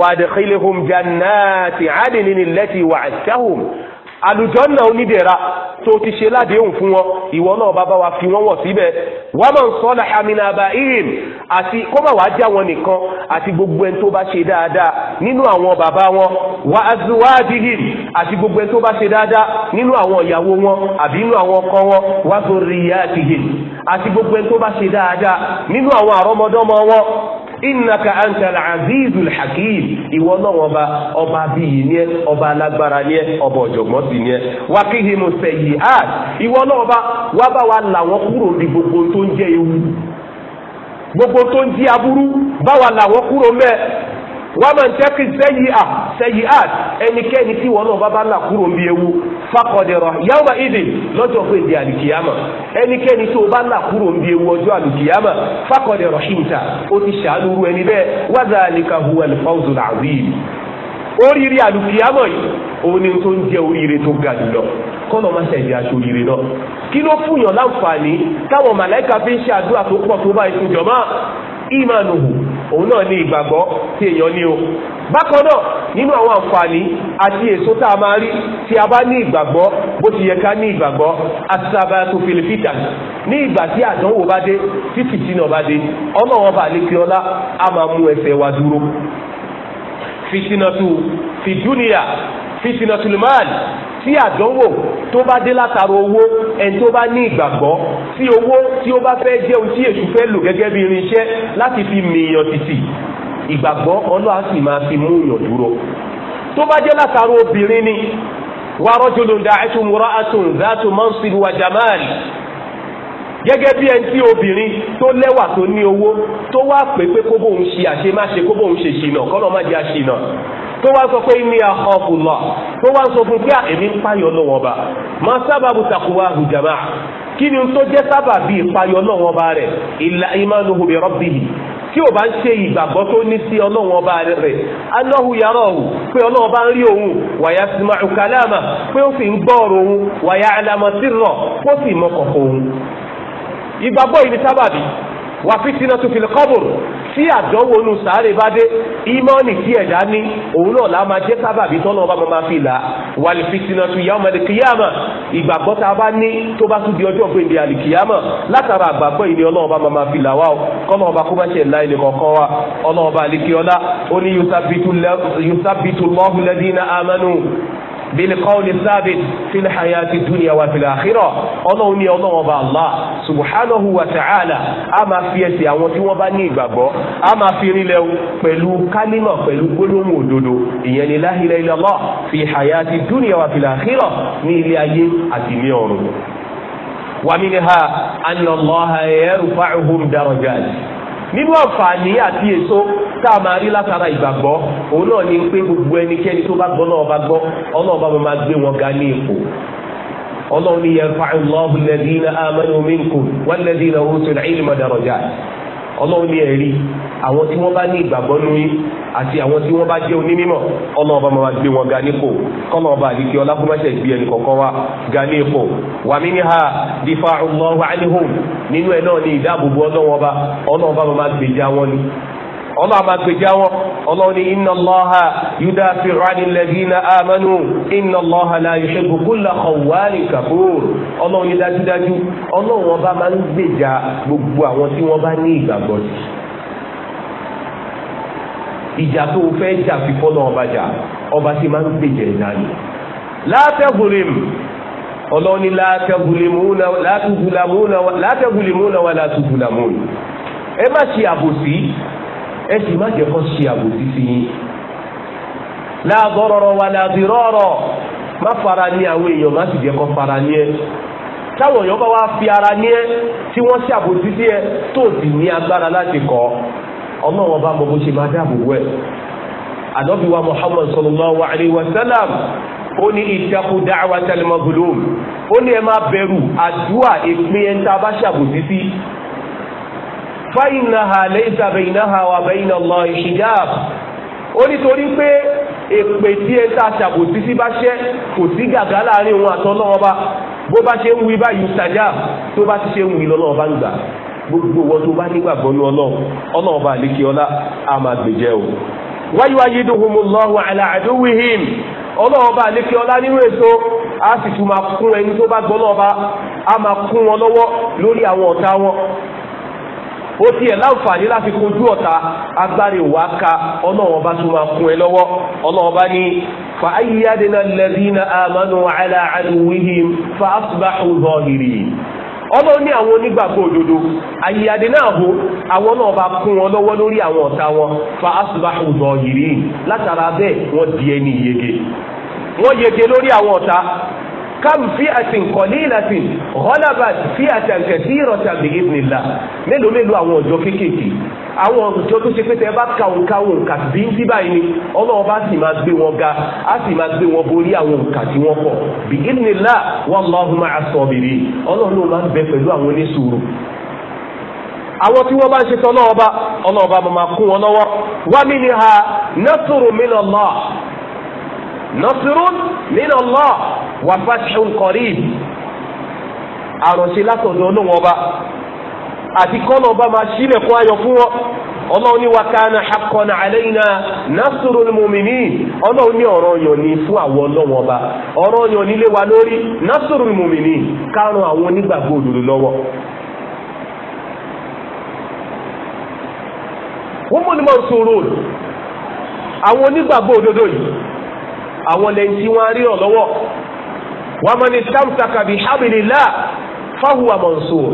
wàdìkìlìhùm jannati adìní nílẹ́tì wàásàhùm àlùjọ́nà onídẹ̀ra tó ti ṣe ládéhùn fún wọn ìwọ náà bàbá wa fi wọ́n wọ̀ síbẹ̀ wọ́n máa ń sọ làhàmìnà àbá ihim àti kó má wàá já wọn nìkan àti gbogbo ẹni tó bá ṣe dáadáa nínú àwọn bàbá wọn wà á zu wá dihim àti gbogbo ẹni tó bá ṣe dáadáa nínú àwọn ìyàwó wọn àbí nínú àwọn ọkọ wọn wà á zo rìyà dihim àti gbogbo ẹni tó bá ṣe dáadáa nínú àwọn àrọ́mọdọ́mọ wọn innaka anta al-azizu al-hakim ìwọ náà ọba abiyì ni ẹ ọba alágbára ni ẹ ọba ọ̀jọ̀gbọ́n sì ni ẹ wa qihimu sayyi'at ìwọ náà bá wá bá wa là wọn kúrò ní gbogbo tó ń jẹ ewu gbogbo tó ń jí aburú báwa là wọn kúrò mẹ́ẹ̀. wàá máa ń tẹ́kì sẹ́yìí à sẹ́yìí à ẹnikẹ́ni tí wọn náà bá bá là kúrò ń bí ewu fakọ̀dẹ̀rọ̀ yàwó ìdè lọ́jọ́ pé di àlùkìyàmà ẹnikẹ́ni tó bá là kúrò ń bí ewu ọjọ́ àlùkìyàmà fakọ̀dẹ̀rọ̀ ṣìǹta ó ti ṣàánú ru ẹni bẹ́ẹ̀ wàdà àlìkà hu alifáwùsù làwìn oríire àlùkìyàmà yìí òun ni tó ń jẹ kọ́nà máa ṣẹ̀dí aṣọ òyìnbó náà kí ló fún yàn ìmánuhù òun náà ní ìgbàgbọ́ tí èèyàn ní o bákan náà nínú àwọn àǹfààní àti èso tá a máa rí tí a bá ní ìgbàgbọ́ bó ti yẹ ká ní ìgbàgbọ́ asabatu filifita ní ìgbà tí àdánwò bá dé tí fìtínà bá dé ọmọ wọn bá lè kí ọlá a máa mú ẹsẹ̀ wa dúró fitinatu fìdúnìyà fitinatu lùmáàlì tí àdánwò tó bá dé látara owó ẹni tó bá ní ìgbàgbọ́ tí owó tí ó bá fẹ́ jẹ́ ohun tí èṣù fẹ́ lò gẹ́gẹ́ bí irinṣẹ́ láti fi mìíyàn títì ìgbàgbọ́ ọlọ́run á sì máa fi mú ìyàn dúró tó bá jẹ́ látara obìnrin ni wa rajulun da'atu mura'atun dhatu mansib wa jamal gẹ́gẹ́ bí ẹni tí obìnrin tó lẹ́wà tó ní owó tó wá pé pé kó bóun ṣe àṣemáṣe kó bóun ṣe ṣìnà kọ́nà má jẹ́ àṣìnà tó wá sọ pé ní akọ́kùnlọ́ tó wá sọ fún pé ah, èmi ń payọ̀ náà wọn bá máa sábàbù takuwa hùjàmá kí ni tó jẹ́ sábà bíi ìpayọ̀ náà wọn bá rẹ̀ ìlà ìmánuhu bi tí ò bá ń ṣe ìgbàgbọ́ tó ní sí ọlọ́run ọba rẹ̀ anáhu yàrá òun pé ọlọ́run ọba ń rí òun wàyà sima'u kalama pé ó sì ń gbọ́ ọ̀rọ̀ òun wàyà alamasirọ̀ kó sì mọ kọ̀kọ̀ òun. ìgbàgbọ́ yìí ni sábàbí wà fitinatu fil qabr tí àdánwò nu sáré bá dé ìmọ̀ọ́nì tí ẹ̀dá ní òun náà la máa jẹ́ sábàbí tọ́nà ọba máa fi là wàlìfìtìnà tu ìyá ọmọdé kìyàmà ìgbàgbọ́ tá a bá ní tó bá tún di ọjọ́ pé ní àlìkìyàmà látara àgbàgbọ́ ìní ọlọ́ọ̀ba máa fi là wá o kọ́nà ọba kó má ṣe ńlá ilé kọ̀ọ̀kan wa ọlọ́ọ̀ba ó ní bilikọ́ọ̀lì sábẹ̀ fil hayati dunya wa fil akhirah ọlọ́run ní ọlọ́run ọba allah subhanahu wa ta'ala a máa fi ẹsẹ̀ àwọn tí wọ́n bá ní ìgbàgbọ́ a máa fi rinlẹ̀ pẹ̀lú kálímọ̀ pẹ̀lú gbólóhùn òdodo ìyẹn ni la ilaha illallah fi hayati dunya wa fil akhirah ní ilé ayé àti ní ọ̀run wàmínìhà anàlọ́hà ẹ̀rù fáìhùn dárọ̀jà nínú àǹfààní àti èso tá a máa rí látara ìgbàgbọ́ òun náà ni pé gbogbo ẹnikẹ́ni tó bá gbọ́ náà bá gbọ́ ọlọ́run bá máa gbé wọn ga ní ipò ọlọ́run ni yarfa'u Allahu alladhina amanu minkum walladhina utul ilma darajat ọlọ́run ní ẹ̀rí àwọn tí wọ́n bá ní ìgbàgbọ́ nínú yín àti àwọn tí wọ́n bá jẹ́ onímọ̀ ọlọ́run bá máa gbé wọn ga wa ní ipò wà ọlọ́wọ́ máa gbèjà wọn ọlọ́wọ́ ní inna Allaha yudafi'u 'anil ladhina amanu inna Allaha la yuhibbu kulla khawwanin kafur ọlọ́wọ́ ní dájúdájú ọlọ́wọ́ wọn bá máa ń gbèjà gbogbo àwọn tí wọ́n bá ní ìgbàgbọ́ sí ìjà tó fẹ́ jà fi fọ́nà ọba jà ọba tí máa ń gbèjà ìjà yìí látẹ̀gùrìm ọlọ́ni látẹ̀gùrìmúnà wà látùgùlàmúnà ẹ má ṣe àbòsí esi ma má si kó ṣe àbòsí sí yín láàbọ̀rọ̀rọ̀ wà ma fara ní àwọn èèyàn má sì jẹ́ fara ní ẹ táwọn èèyàn bá fi ara ní ẹ tí wọ́n ṣe àbòsí sí ẹ tó sì ní agbára láti ọba mọ bó ṣe máa dáàbò wẹ̀ muhammadu wa muhammad sallallahu alayhi wa sallam ó ní ìtẹ́kù ó ní ẹ má bẹ̀rù àdúrà ìpín ẹ̀ ń فإنها na بينها وبين الله حجاب ó nítorí pé èpè tí ẹ ta ṣàbòsí sí bá ṣẹ́ kò sí gàgá láàrin òun àtọ́lọ́wọ́ bá bó bá ṣe ń wí báyìí ṣàjà tó bá ti ṣe ń wí lọ́lọ́wọ́ bá ń gbà gbogbo wọn tó bá nígbàgbọ́ ní ọlá a máa o. wáyé wáyé lọ́hùn àlà ọba ọlá nínú èso a sì tún máa ó ti ẹ̀ láǹfààní láti kojú ọ̀tá agbára ìwà ka ọlọ́run bá tún máa kún ẹ lọ́wọ́ ọlọ́run bá ní fa amanu ala aduwwihim fa asbahu zahirin ọlọ́run ní àwọn onígbàgbọ́ òdodo àyíyáde náà ho àwọn náà bá kún wọn lọ́wọ́ lórí àwọn ọ̀tá wọn fa asbahu zahirin látara bẹ́ẹ̀ wọ́n di ẹni yege wọ́n yege lórí àwọn ọ̀tá kam fi'atin qalilatin ghalabat fi'atan kathiratan bi idhnillah mélòó mélòó àwọn ọjọ́ kéékèèké àwọn ọjọ́ tó ṣe pé tẹ bá ka òǹkà òǹkà bí ń bí báyìí ni ọlọ́run bá sì máa gbé wọn ga á sì máa gbé wọn borí àwọn òǹkà tí wọ́n pọ̀ bi idhnillah wallahu ma'as sabirin ọlọ́run ló máa ń bẹ pẹ̀lú àwọn oníṣòro àwọn tí wọ́n bá ń ṣe tán náà ọba ọlọ́ọ̀ba máa kún wọn lọ́wọ́ wá mi ni ha nasru min Allah nasrun min Allah wa fathun qarib àròsí látọ̀dọ̀ ọlọ́run ọba àti kọ́nà ọba máa fún wọn wa kana haqqan alayna nasrul mu'minin ọlọ́run ní ọ̀rọ̀ ní fún àwọn ọlọ́run ọba ọrọ ọyàn nílé wa lórí nasrul mu'minin kárùn àwọn onígbàgbọ́ wọ́n mọ̀ àwọn lẹ́yìn tí wọ́n á ríràn lọ́wọ́ wọ́n máa ní sàmùsàkà bíi hábìlélà fáhùwà mansur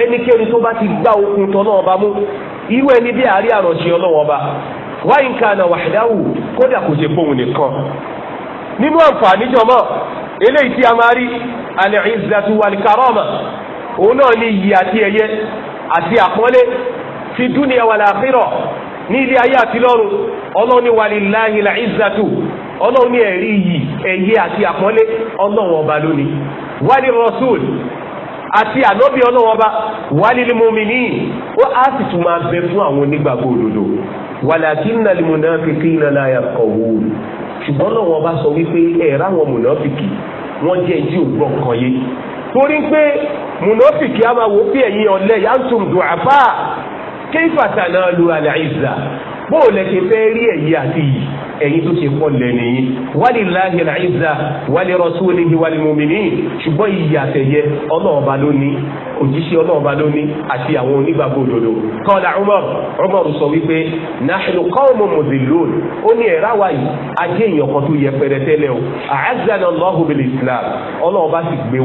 ẹnikẹ́ni tó bá ti gbá okùn tọ́ náà bá mú irú ẹni bí àárí àròjì ọlọ́wọ́ bá wáyé nǹkan náà wàhídáwù kódà kò ṣe bóun nìkan nínú àǹfààní jọmọ́ eléyìí tí a máa rí al-izzatu wal òun náà ní iyì àti ẹ̀yẹ àti àpọ́nlé fi dúnìá wal ní ilé ayé àti lọ́run ọlọ́ni walillahi al ọlọ́run ní ẹ̀rí yìí ẹ̀yẹ àti àpọ́nlé ọlọ́run ọba lónìí wálé rasul àti ànábì ọlọ́run ọba wálé limomini ó á sì tún máa bẹ fún àwọn onígbàgbọ́ òdodo wàlàkínà limunafikina la yaqawun ṣùgbọ́n ọlọ́run ọba sọ wípé ẹ̀rá àwọn mùnàfíkì wọ́n jẹ́ tí ò gbọ́ kan yé torí pé mùnàfíkì á máa wò pé ẹ̀yin ọ̀lẹ yantum du'afa kéfàtà náà lu àlàyé ìzà bóòlẹ̀ ṣe fẹ́ ẹ̀yin tó ṣe pọ̀ lẹ́nu yìí walillahi al-izza wali rasulihi wal mu'minin ṣùgbọ́n ìyà àtẹ̀yẹ ọlọ́ọ̀ba ló ní òjíṣẹ́ ọlọ́ọ̀ba ló ní àti àwọn onígbàgbọ́ òdodo qala Umar Umar sọ wípé nahnu qawmun mudhillun ó ní ẹ̀rá wa yìí ajé èèyàn kan tó yẹ pẹrẹ tẹ́lẹ̀ o a'azzana Allahu islam ọlọ́ọ̀ba sì gbé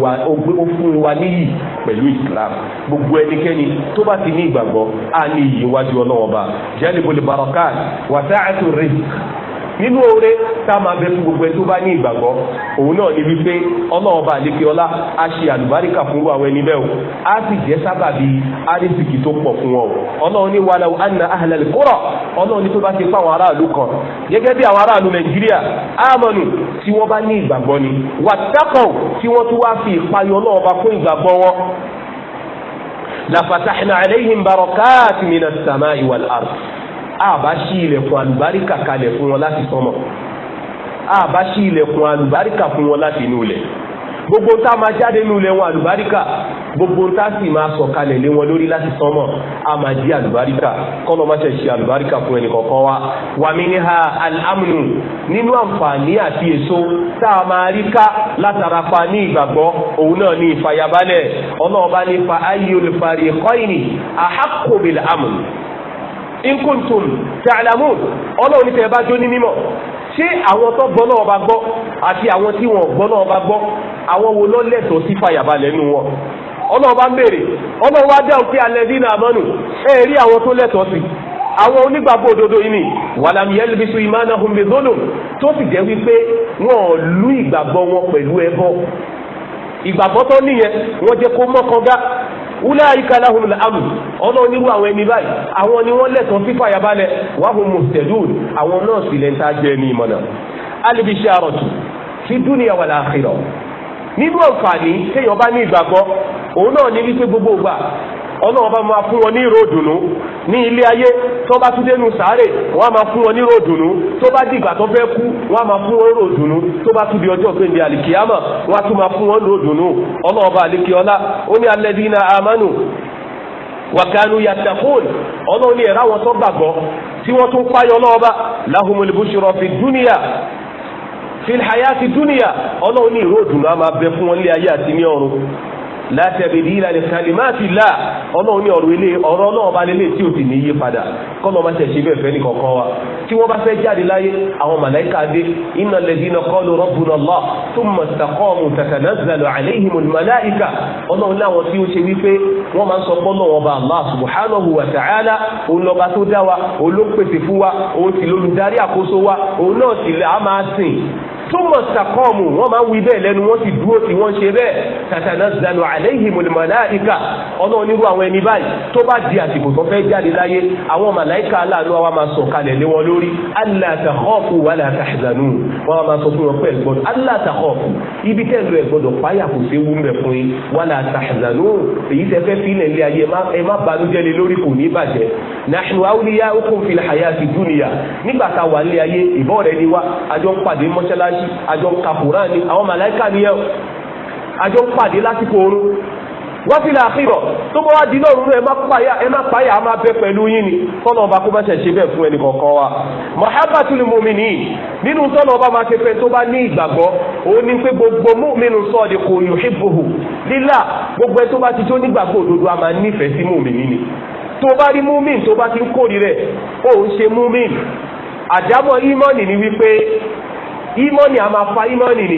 nínú oore tá a máa bẹ fún gbogbo ẹ tó bá ní ìgbàgbọ́ òun náà ni wípé ọlọ́run bá lékè ọlá á ṣe àlùbáríkà fún àwọn ẹni bẹ́ẹ̀ o á sì jẹ́ sábàbí árísìkì tó pọ̀ fún wọn o ọlọ́run ní wàhálà anna ahlal qura ọlọ́run ní tó bá ti pa àwọn aráàlú kan gẹ́gẹ́ bí àwọn aráàlú nàìjíríà ámọ̀nù tí wọ́n bá ní ìgbàgbọ́ ni wàtákọ̀ tí wọ́n tún wá fi ìpayọ̀ ọlọ́run àbá ṣí ilẹ̀kùn àlùbáríkà kalẹ̀ fún wọn láti sọmọ àbá ṣí ilẹ̀kùn àlùbáríkà fún wọn láti inú ilẹ̀ gbogbo tá a máa jáde nínú ilẹ̀ wọn àlùbáríkà gbogbo tá a sì máa sọ kalẹ̀ lé wọn lórí láti sọmọ a máa di àlùbáríkà kọ́nà má ṣe ṣe àlùbáríkà fún ẹnì kọ̀ọ̀kan wa wà mí ní ha alámùnù nínú àǹfààní àti èso tá a máa rí ká látara pa ní ìgbàgbọ́ òun náà ní ìfàyàbalẹ̀ ọlọ́ọ̀bá ní fa ayé olùfarí kọ́ìnì àhákòbìlà àmùnù in kuntum ta'lamun ọlọ́run ní tẹ́ bá jó ní mímọ̀ ṣé àwọn tó gbọ́ náà bá gbọ́ àti àwọn tí wọ́n gbọ́ náà bá gbọ́ àwọn wo ló lẹ́tọ̀ọ́ sí fàyàbalẹ̀ nù wọn ọlọ́run bá ń béèrè ọlọ́run wá dáhùn pé alladhina amanu ẹ rí àwọn tó lẹ́tọ̀ọ́ sí àwọn onígbàgbọ́ òdodo yìí ni wàlám yẹlbisu imanahum bidhulum tó sì jẹ́ wípé wọ́n lú ìgbàgbọ́ wọn pẹ̀lú ẹbọ ìgbàgbọ́ tó níyẹn wọ́n jẹ́ kó mọ́kànga wúláyíká láhùn láàmù ọ̀nà onírú àwọn ẹni báyìí àwọn ni wọ́n lẹ̀tọ́ fífà yabalẹ̀ wàhùn mùsùlùmù àwọn náà sì lẹ́ńtà jẹ́ ní ìmọ̀nà alibiṣẹ́ àròtù fi dúnìyà wà láàkìrọ̀ nínú àǹfààní téèyàn bá ní ìgbàgbọ́ òun náà ní wípé gbogbo ìgbà ọlọ́run ma máa fún wọn ní ìròdùnú ní ilé ayé tó bá tún dénú sáré wọ́n á fún wọn ní ìròdùnú tó bá dìgbà tó fẹ́ kú wọ́n ma fún wọn ní ìròdùnú tó bá tún di ọjọ́ pé ní àlìkíyàmọ̀ wọ́n tún ma fún wọn ní ìròdùnú ọlọ́run àlìkíọ́lá ó ní wàkánú ọlọ́run ní ẹ̀rá wọn tó gbàgbọ́ tí wọ́n látẹ̀bìdì ìlànà kalimati la ọlọ́run ní ọ̀rọ̀ ilé ọ̀rọ̀ náà bá lélẹ̀ tí ò sì ní yé padà kọ́nà ọba ṣẹ̀ṣe bẹ́ẹ̀ fẹ́ nìkan kan wa tí wọ́n bá fẹ́ jáde láyé àwọn màláìka dé iná lẹ́dínà kọ́lù rabbuna tó dá wa òun ló pèsè fún wa òun sì lolùdarí túmọ̀ sàkọ́ọ̀mù wọ́n máa ń wí bẹ́ẹ̀ lẹ́nu wọ́n sì dúró tí wọ́n ṣe bẹ́ẹ̀ tatanazzalu alaihimul malaika ọ̀nà onírú àwọn ẹni báyìí tó bá di àsìkò tó fẹ́ jáde láyé àwọn màláìka aláàánú wa máa sọ̀ kalẹ̀ lé wọn lórí alla takhafu wala tahzanu máa sọ fún wọn pé ẹ̀gbọ́dọ̀ alla ibi tẹ́ lọ ẹ̀gbọ́dọ̀ páyà kò sí ewu mbẹ̀ wà nílé àjọ kàkùrán ni àwọn màláìkà ni ẹ àjọ pàdé lásìkò oorun wọ́n fi là àkìrọ̀ tó bá wá di lóru náà ẹ má páyà ẹ má páyà á má bẹ pẹ̀lú yín ni tọ́nà ọba kó bá ṣe ṣe bẹ́ẹ̀ fún ẹnì kọ̀ọ̀kan wa mahabbatul mu'minin nínú tọ́nà ọba máa ṣe fẹ́ tó bá ní ìgbàgbọ́ òun ni pé gbogbo mu'minu sadiqun yuhibbuhu lillah gbogbo ẹ tó bá ti tó nígbàgbọ́ òdodo a máa nífẹ̀ẹ́ sí mu'minin ni tó bá rí mu'min tó bá ti ń kórìí rẹ̀ òun ṣe mu'min àdámọ̀ ìmọ̀nì ni wípé ìmọ̀ni a máa fa ìmọ̀ni ni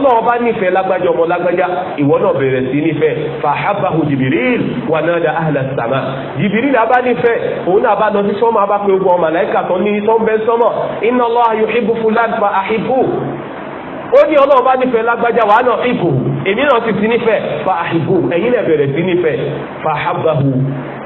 ọlọ́run bá nífẹ̀ẹ́ lágbájá ọmọ lágbájá ìwọ náà bẹ̀rẹ̀ sí nífẹ̀ẹ́ fàhábàhù jìbìrìl wà náà da ahla sàmà jìbìrìl abá òun náà bá lọ sí abá pé ogun ọmọ ní sọ́ńbẹ́ sọ́mọ́ inna ní bá lágbájá náà ibù náà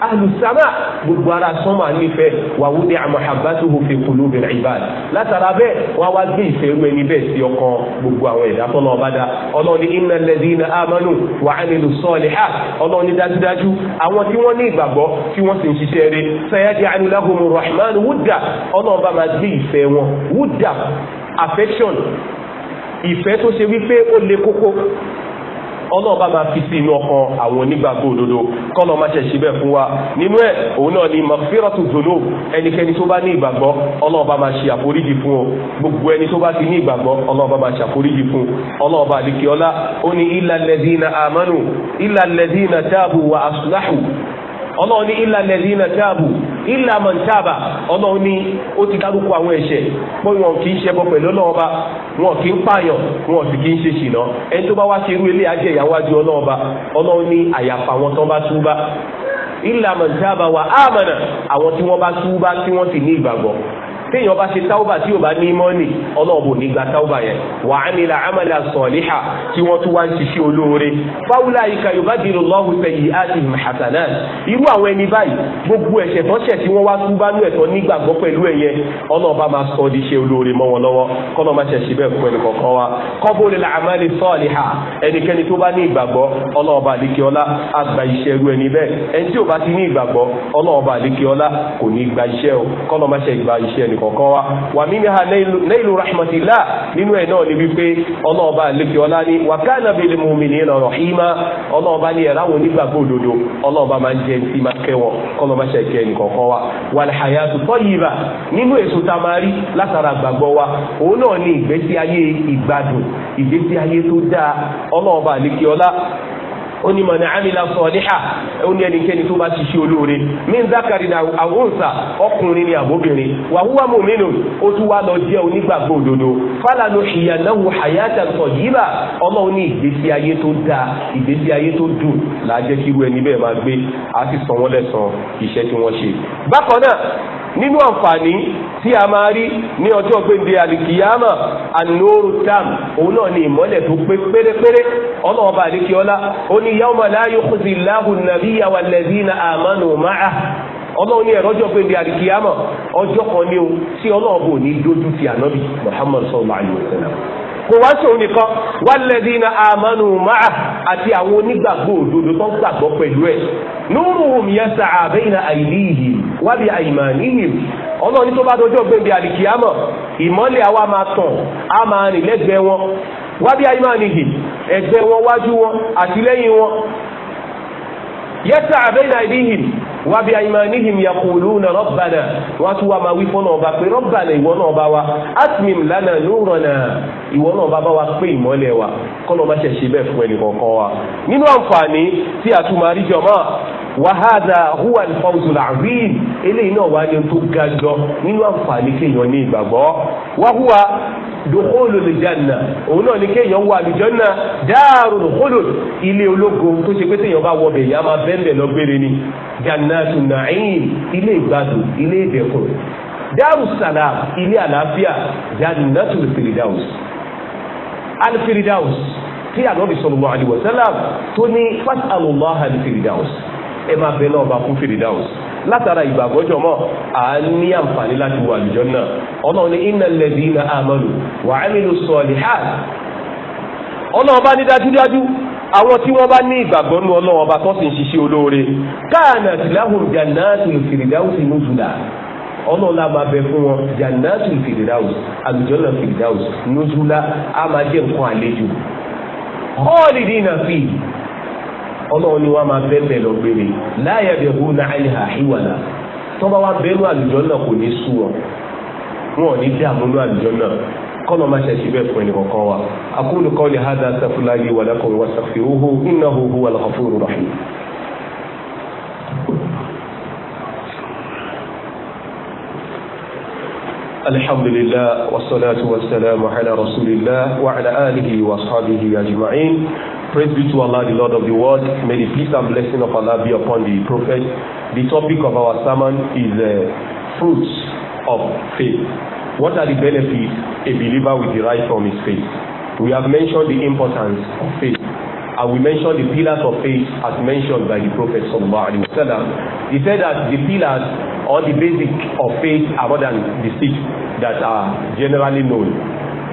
alùsàmà gbogbo ara sánmà nífẹ̀ẹ́ wà wúdẹ àmọ̀hábàtò òfin kùlù bẹ̀rẹ̀ ìbàd látara bẹ́ẹ̀ wọ́n wá gbé ìfẹ́ rú ẹni bẹ́ẹ̀ sí ọkàn gbogbo àwọn ẹ̀dá tọ́lọ́ ọba dá ọlọ́ni iná lẹ́dí iná amánú wà á nílò sọ́ọ̀lì hà ọlọ́ni dájúdájú àwọn tí wọ́n ní ìgbàgbọ́ tí wọ́n sì ń ṣiṣẹ́ rẹ̀ sẹ́yájú anilahumur rahman wúdà ọlọ́ọ̀bá máa gbé ìfẹ́ wọn wúdà affection ìfẹ́ tó ṣe wípé ó le kókó ọlọ́run bá máa fi sí inú ọkàn àwọn onígbàgbọ́ òdodo kọ́nà má ṣe ṣe fún wa nínú ẹ̀ òun náà ni mafiratu zono ẹnikẹ́ni tó bá ní ìgbàgbọ́ ọlọ́run bá máa ṣe àforíjì fún ọ gbogbo ẹni tó bá ti ní ìgbàgbọ́ ọlọ́run bá máa ṣe àforíjì fún ọlọ́run bá àdìkí ọlá ó ní illa alladhina amanu illa alladhina tabu illa man taba ọlọ́run ní ó ti dárúkọ àwọn ẹ̀ṣẹ̀ pé wọn kì í ṣẹbọ pẹ̀lú ọlọ́ọba wọn kì í pààyàn wọn sì kì í ṣe ṣìnà ẹni tó bá wá ṣe irú ilé ajẹ́ ìyàwájú ọlọ́ọba ọlọ́run ní àyàfà wọn tán bá túbá illa man taba wa amana àwọn tí wọ́n bá túbá tí wọ́n sì ní ìgbàgbọ́ téèyàn bá ṣe táwùbà tí ò bá ní mọ́nì ọlọ́ọ̀bù nígbà táwùbà yẹn wà á nílà amala sọ̀líhà tí wọ́n tún wá ń ṣiṣẹ́ olóore fáwùlà ìka yubadilu Allahu sayyi'atihim hasanat irú àwọn ẹni báyìí gbogbo ẹ̀ṣẹ̀ tọ́ṣẹ̀ tí wọ́n wá tún bá nú ẹ̀tọ́ nígbàgbọ́ pẹ̀lú ẹ̀yẹ ọlọ́ọ̀bá máa sọ di ṣe olóore mọ́ wọn lọ́wọ́ kọ́nà máa ṣẹ̀ṣì bẹ́ẹ̀ fún ẹnì kọ̀ọ̀kan wa kọ́bólè làmàlè sọ́ọ̀lìhà ẹnikẹ́ni ẹnì wà nínú ha nailu rahmatillah nínú ẹ̀ náà ni wípé ọlọ́ọ̀ba àlekè ọlá ní wa kana bil mu'minina rahima ọlọ́ọ̀ba ní ẹ̀rá wọn nígbàgbọ́ òdodo ọlọ́ọ̀ba máa ń jẹ ti máa kẹ́ kọ́lọ́ máa ṣe kẹ́ ẹnì kọ̀ọ̀kan wa wal nínú èso tá a máa rí látara gbàgbọ́ wa òun náà ní ìgbésí Oni ní mọ̀nà amila sọ̀ọ́díhà ó ní ẹnikẹ́ni tó bá ṣiṣẹ́ olóore min zakari na àwòǹsà ọkùnrin ni àbóbìnrin wa huwa mu'minun ó tún wá lọ jẹ́ onígbàgbọ́ òdodo fálànà ìyànáwó hayata tayyiba ọlọ́run ní ìgbésí ayé tó dáa ìgbésí ayé tó dùn làá jẹ́ kí irú ẹni bẹ́ẹ̀ máa gbé àti sọ wọ́n lẹ́sàn iṣẹ́ tí wọ́n ṣe bákan náà nínú àǹfààní tí a máa rí ní ọjọ́ gbèǹde àlìkìyàmà ànóoru tam òun náà ni ìmọ́lẹ̀ tó pé pérépéré ọlọ́ọ̀bà àlìkìọ́lá ó ní yawma la yukhzi Allahu an-nabiyya wal-ladhina amanu ma'a ọlọ́run ní ẹ̀rọ ọjọ́ pé ní àdìkíyàmọ̀ ọjọ́ kan ní o tí ọlọ́run bò ní dójú ti ànábì Muhammad sallallahu alaihi wasallam kò wá sóun nìkan walladhina amanu ma'a àti àwọn onígbàgbọ́ òdodo tó ń gbàgbọ́ pẹ̀lú ẹ̀ nuruhum yas'a bayna aydihim wa bi aymanihim ọlọ́ọ̀ni tó bá dọjọ́ gbẹ̀bí àlìkíyàmọ̀ ìmọ́lẹ̀ àwa máa tàn á máa rìn lẹ́gbẹ̀ẹ́ wọn wa bi aymanihim ẹ̀gbẹ́ wọn wájú wọn àtìlẹ́yìn wọn yas'a bayna aydihim wá bí aymanihim yaquluna rabbana wá tún wá máa wí fọ́nà ọba pé rabbana ìwọ náà bá wa atmim lana nurana ìwọ náà bá bá wa pé ìmọ́lẹ̀ wa kọ́nà má ṣe ṣe bẹ́ẹ̀ fún ẹnì kọ̀ọ̀kan wa nínú àǹfààní tí a tún máa rí jọmọ́ wàhádà huwa alfawzul azim eléyìí náà wá ní tó ga jọ nínú àǹfààní kéèyàn ní ìgbàgbọ́ wáhúwa dùkúlù lìjánà òun náà ni kéèyàn wà lìjánà dáàrú dùkúlù ilé ológo tó ṣe pé téèyàn bá wọbẹ̀ yá máa bẹ́ẹ̀ lọ gbére ni jàǹnà jannatu na'im ilé ìgbádùn ilé ìdẹ̀kùn darussalam ilé àlàáfíà jannatu firdaus alfirdaus tí ànábì sallallahu alaihi wasallam tó ní fas'alullaha alfirdaus ẹ máa bẹ náà bá fún firdaus látara ìgbàgbọ́jọ mọ́ a ní àǹfààní láti wà àlùjánnà ọlọ́run ní innal ladina amanu wa amilu salihat ọlọ́run bá ní dájúdájú àwọn tí wọ́n bá ní ìgbàgbọ́ nínú Ọlọ́run ọba tó sì ń ṣiṣẹ́ olóore kanat lahum jannatul firdausi nuzula ọlọ́ọ̀la máa bẹ fún wọn jannatul firdausi àlùjọ́nà firdausi nuzula á máa jẹ́ nǹkan àlejò khalidina fi ọlọ́run ni wọ́n máa bẹ́ẹ̀ lọ gbére láyé ẹ̀dẹ̀gbọ́n náà àìníhà ìwàlà tọ́ba wa bẹ́ẹ̀ lọ àlùjọ́nà kò ní sú wọn wọn ò ní dààmú lọ àlùjọ́nà kọ́nà máa ṣẹ̀ṣẹ̀ bẹ́ẹ̀ fún ẹnìkọ̀ọ̀kan wa aqulu qawli hadha astaghfirullaha li wa lakum wastaghfiruhu innahu huwal ghafurur rahim. الحمد لله والصلاة والسلام على رسول الله وعلى آله وصحبه أجمعين Praise be to Allah, the Lord of the world. May the peace and blessing of Allah be upon the Prophet. The topic of our sermon is uh, fruits of faith. What are the benefits a believer will derive from his faith? We have mentioned the importance of faith. And we mentioned the pillars of faith as mentioned by the Prophet sallallahu alaihi wasallam. He said that the pillars or the basic of faith are more than the six that are generally known.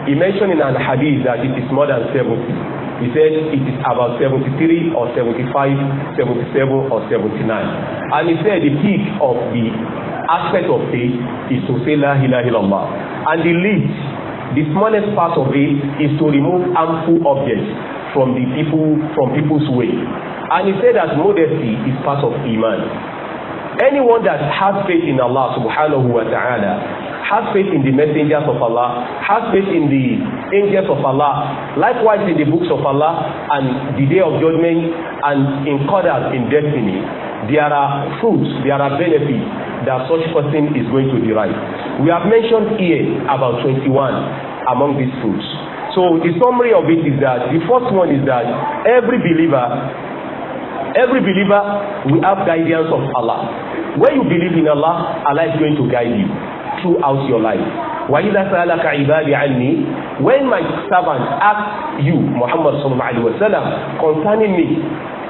He mentioned in an hadith that it is more than 70. He said it is about seventy-three or seventy-five, seventy-seven or seventy-nine. And he said the peak of the aspect of faith is to say la ilaha illallah and the least the smallest part of it is to remove harmful objects from the people from people's way and he said that modesty is part of iman Anyone that has faith in Allah subhanahu wa ta'ala, has faith in the messengers of Allah, has faith in the angels of Allah, likewise in the books of Allah and the day of judgment and in qadar, in destiny, there are fruits, there are benefits that such person is going to derive. We have mentioned here about 21 among these fruits. So the summary of it is that the first one is that every believer, every believer we have guidance of Allah. When you believe in Allah, Allah is going to guide you throughout your life. وَإِذَا سَأَلَكَ عِبَادِي عَنِّي When my servant asks you, Muhammad صلى الله عليه وسلم, concerning me,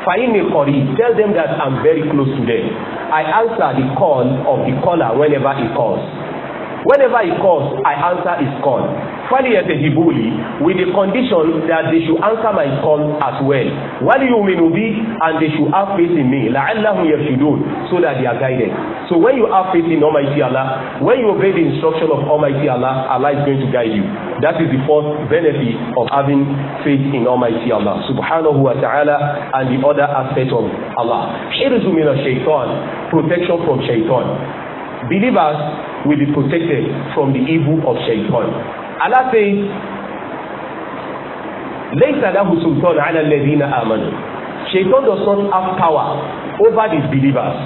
Find me Kori, tell them that I'm very close to them. I answer the call of the caller whenever he calls. Whenever he calls, I answer his call. فَلْيَسْتَجِيبُوا with the condition that they should answer my call as well وَلْيُؤْمِنُوا بِي and they should have faith in me لَعَلَّهُمْ يَرْشُدُونَ so that they are guided so when you have faith in Almighty Allah when you obey the instruction of Almighty Allah Allah is going to guide you that is the first benefit of having faith in Almighty Allah subhanahu wa ta'ala and the other aspect of Allah حِرْزُ مِنَ الشَّيْطَانِ protection from shaitan believers will be protected from the evil of shaitan aláṣẹ laysa lahu sultan ala alladhina amanu Shaitan does not have power over the believers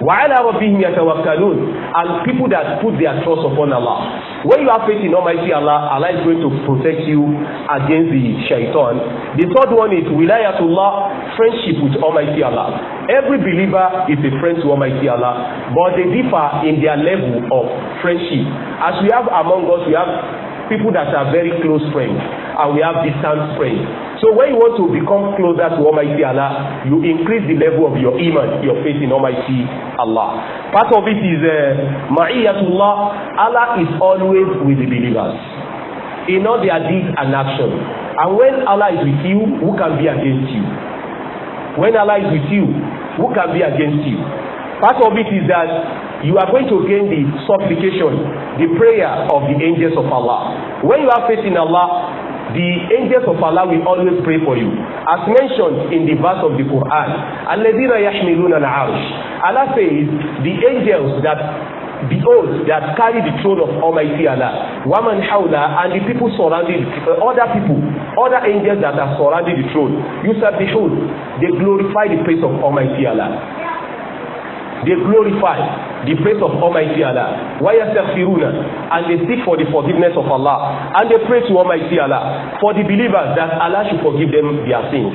wa ala rabbihim yatawakkalun and people that put their trust upon Allah when you have faith in Almighty Allah Allah is going to protect you against the shaitan the third one is to wilayatullah friendship with Almighty Allah every believer is a friend to Almighty Allah but they differ in their level of friendship as we have among us we have people that are very close friends and we have distant friends so when you want to become closer to Almighty Allah you increase the level of your iman your faith in Almighty Allah part of it is uh, Allah is always with the believers in all their deeds and actions. and when Allah is with you who can be against you when Allah is with you who can be against you part of it is that you are going to gain the supplication, the prayer of the angels of Allah. When you have faith in Allah, the angels of Allah will always pray for you. As mentioned in the verse of the Quran, Alladhina yahmiluna al-arsh. Allah says, the angels that the oath that carry the throne of Almighty Allah, Waman Hawla, and the people surrounding, uh, other people, other angels that are surrounding the throne, Yusabihun, they glorify the praise of Almighty Allah they glorify the praise of Almighty Allah. they وَيَسْتَغْفِرُونَ And they seek for the forgiveness of Allah. And they pray to Almighty Allah for the believers that Allah should forgive them their sins.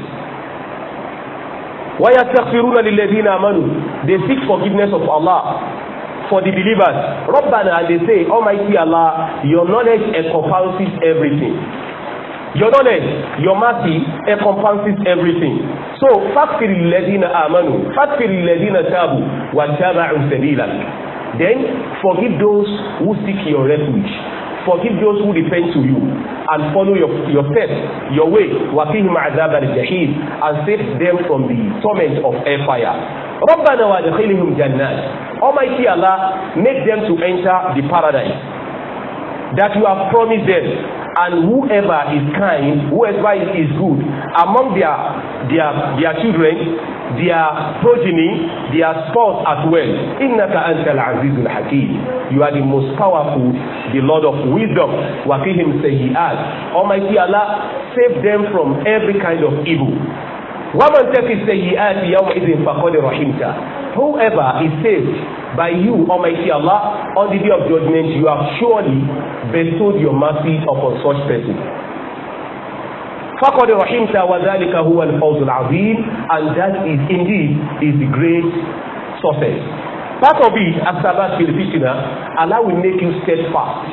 they The لِلَّذِينَ آمَنُوا They seek forgiveness of Allah for the believers. رَبَّنَا And they say, Almighty Allah, your knowledge encompasses everything. Your knowledge, your mercy encompasses everything. So, فَاغْفِرِ لِلَّذِينَ آمَنُوا فَاغْفِرِ لِلَّذِينَ تَابُوا wattaba'u sabilak then forgive those who seek your refuge forgive those who depend to you and follow your your path, your way waqihim adhab al-jahim and save them from the torment of hellfire rabbana wa adkhilhum jannat almighty allah make them to enter the paradise that you have promised them and whoever is kind whoever is, is good among their their their children their progeny their spouse as well innaka anta al-azizul hakim you are the most powerful the lord of wisdom wakihim sayi'at almighty allah save them from every kind of evil ومن تك السيئات يومئذ فقد رحمته whoever is saved by you Almighty Allah on the day of judgment you have surely bestowed your mercy upon such person Rahimta فقد رحمته وذلك هو الفوز العظيم and that is indeed is the great success part of it as sabat fil fitna Allah will make you steadfast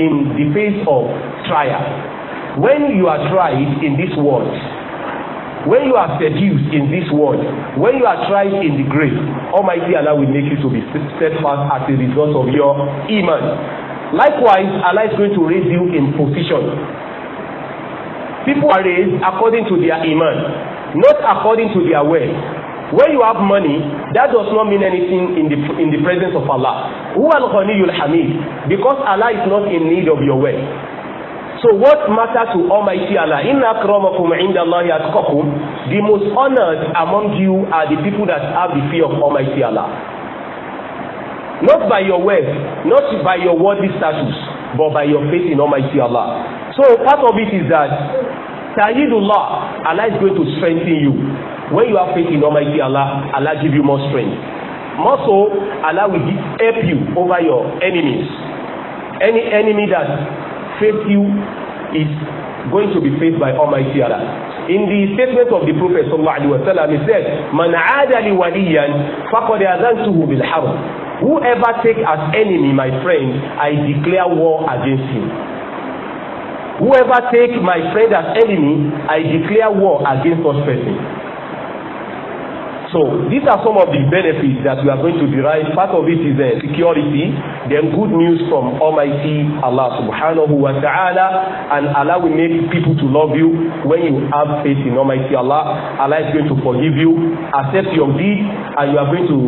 in the face of trial when you are tried in this world When you are seduced in this world, when you are tried in the grave, Almighty Allah will make you to be steadfast as a result of your iman. Likewise, Allah is going to raise you in position. People are raised according to their iman, not according to their wealth. When you have money, that does not mean anything in the in the presence of Allah. Huwa al-Ghaniyyul Hamid, because Allah is not in need of your wealth. So what matters to Almighty Allah? Inna akramakum indallahi atqakum. The most honoured among you are the people that have the fear of Almighty Allah. Not by your wealth, not by your worldly status, but by your faith in Almighty Allah. So part of it is that Ta'idullah, Allah is going to strengthen you. When you have faith in Almighty Allah, Allah give you more strength. More so, Allah will help you over your enemies. Any enemy that faith you is going to be faced by Almighty Allah. In the statement of the Prophet sallallahu alaihi wasallam, he said, "Man aadali waliyan, faqad azantuhu bil harb." Whoever take as enemy my friend, I declare war against him. Whoever take my friend as enemy, I declare war against such person. So these are some of the benefits that we are going to derive. Part of it is uh, security, then good news from Almighty Allah subhanahu wa ta'ala, and Allah will make people to love you when you have faith in Almighty Allah. Allah is going to forgive you, accept your deed, and you are going to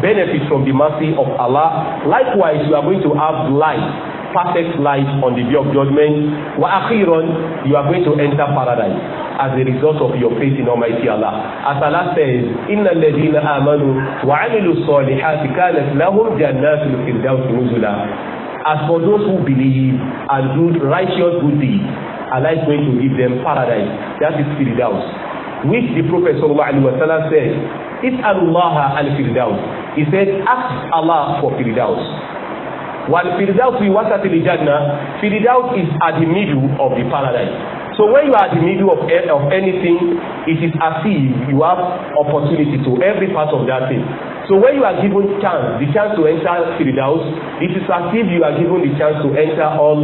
benefit from the mercy of Allah. Likewise, you are going to have life perfect life on the day of judgment. Wa akhiran, you are going to enter paradise as a result of your faith in Almighty Allah. As Allah says, Inna alladhina amanu wa amilu salihati kanat lahum jannatul firdaus nuzula. As for those who believe and do righteous good deeds, Allah is going to give them paradise. That is firdaus, which the Prophet sallallahu alaihi wasallam said, It's Allah al-firdaus. He said, ask Allah for firdaus. While firdaus fi wasati al firdaus is at the middle of the paradise. So when you are at the middle of, eh, of anything, it is as if you have opportunity to every part of that thing. So when you are given chance, the chance to enter Firdaus, it is as if you are given the chance to enter all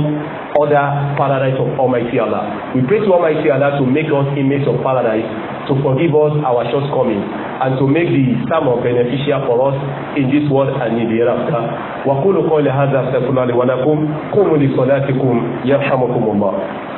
other paradise of Almighty Allah. We pray to Almighty Allah to make us inmates of paradise, to forgive us our shortcomings, and to make the sermon beneficial for us in this world and in the hereafter. وقولوا قولي هذا استغفر الله لي ولكم قوموا لصلاتكم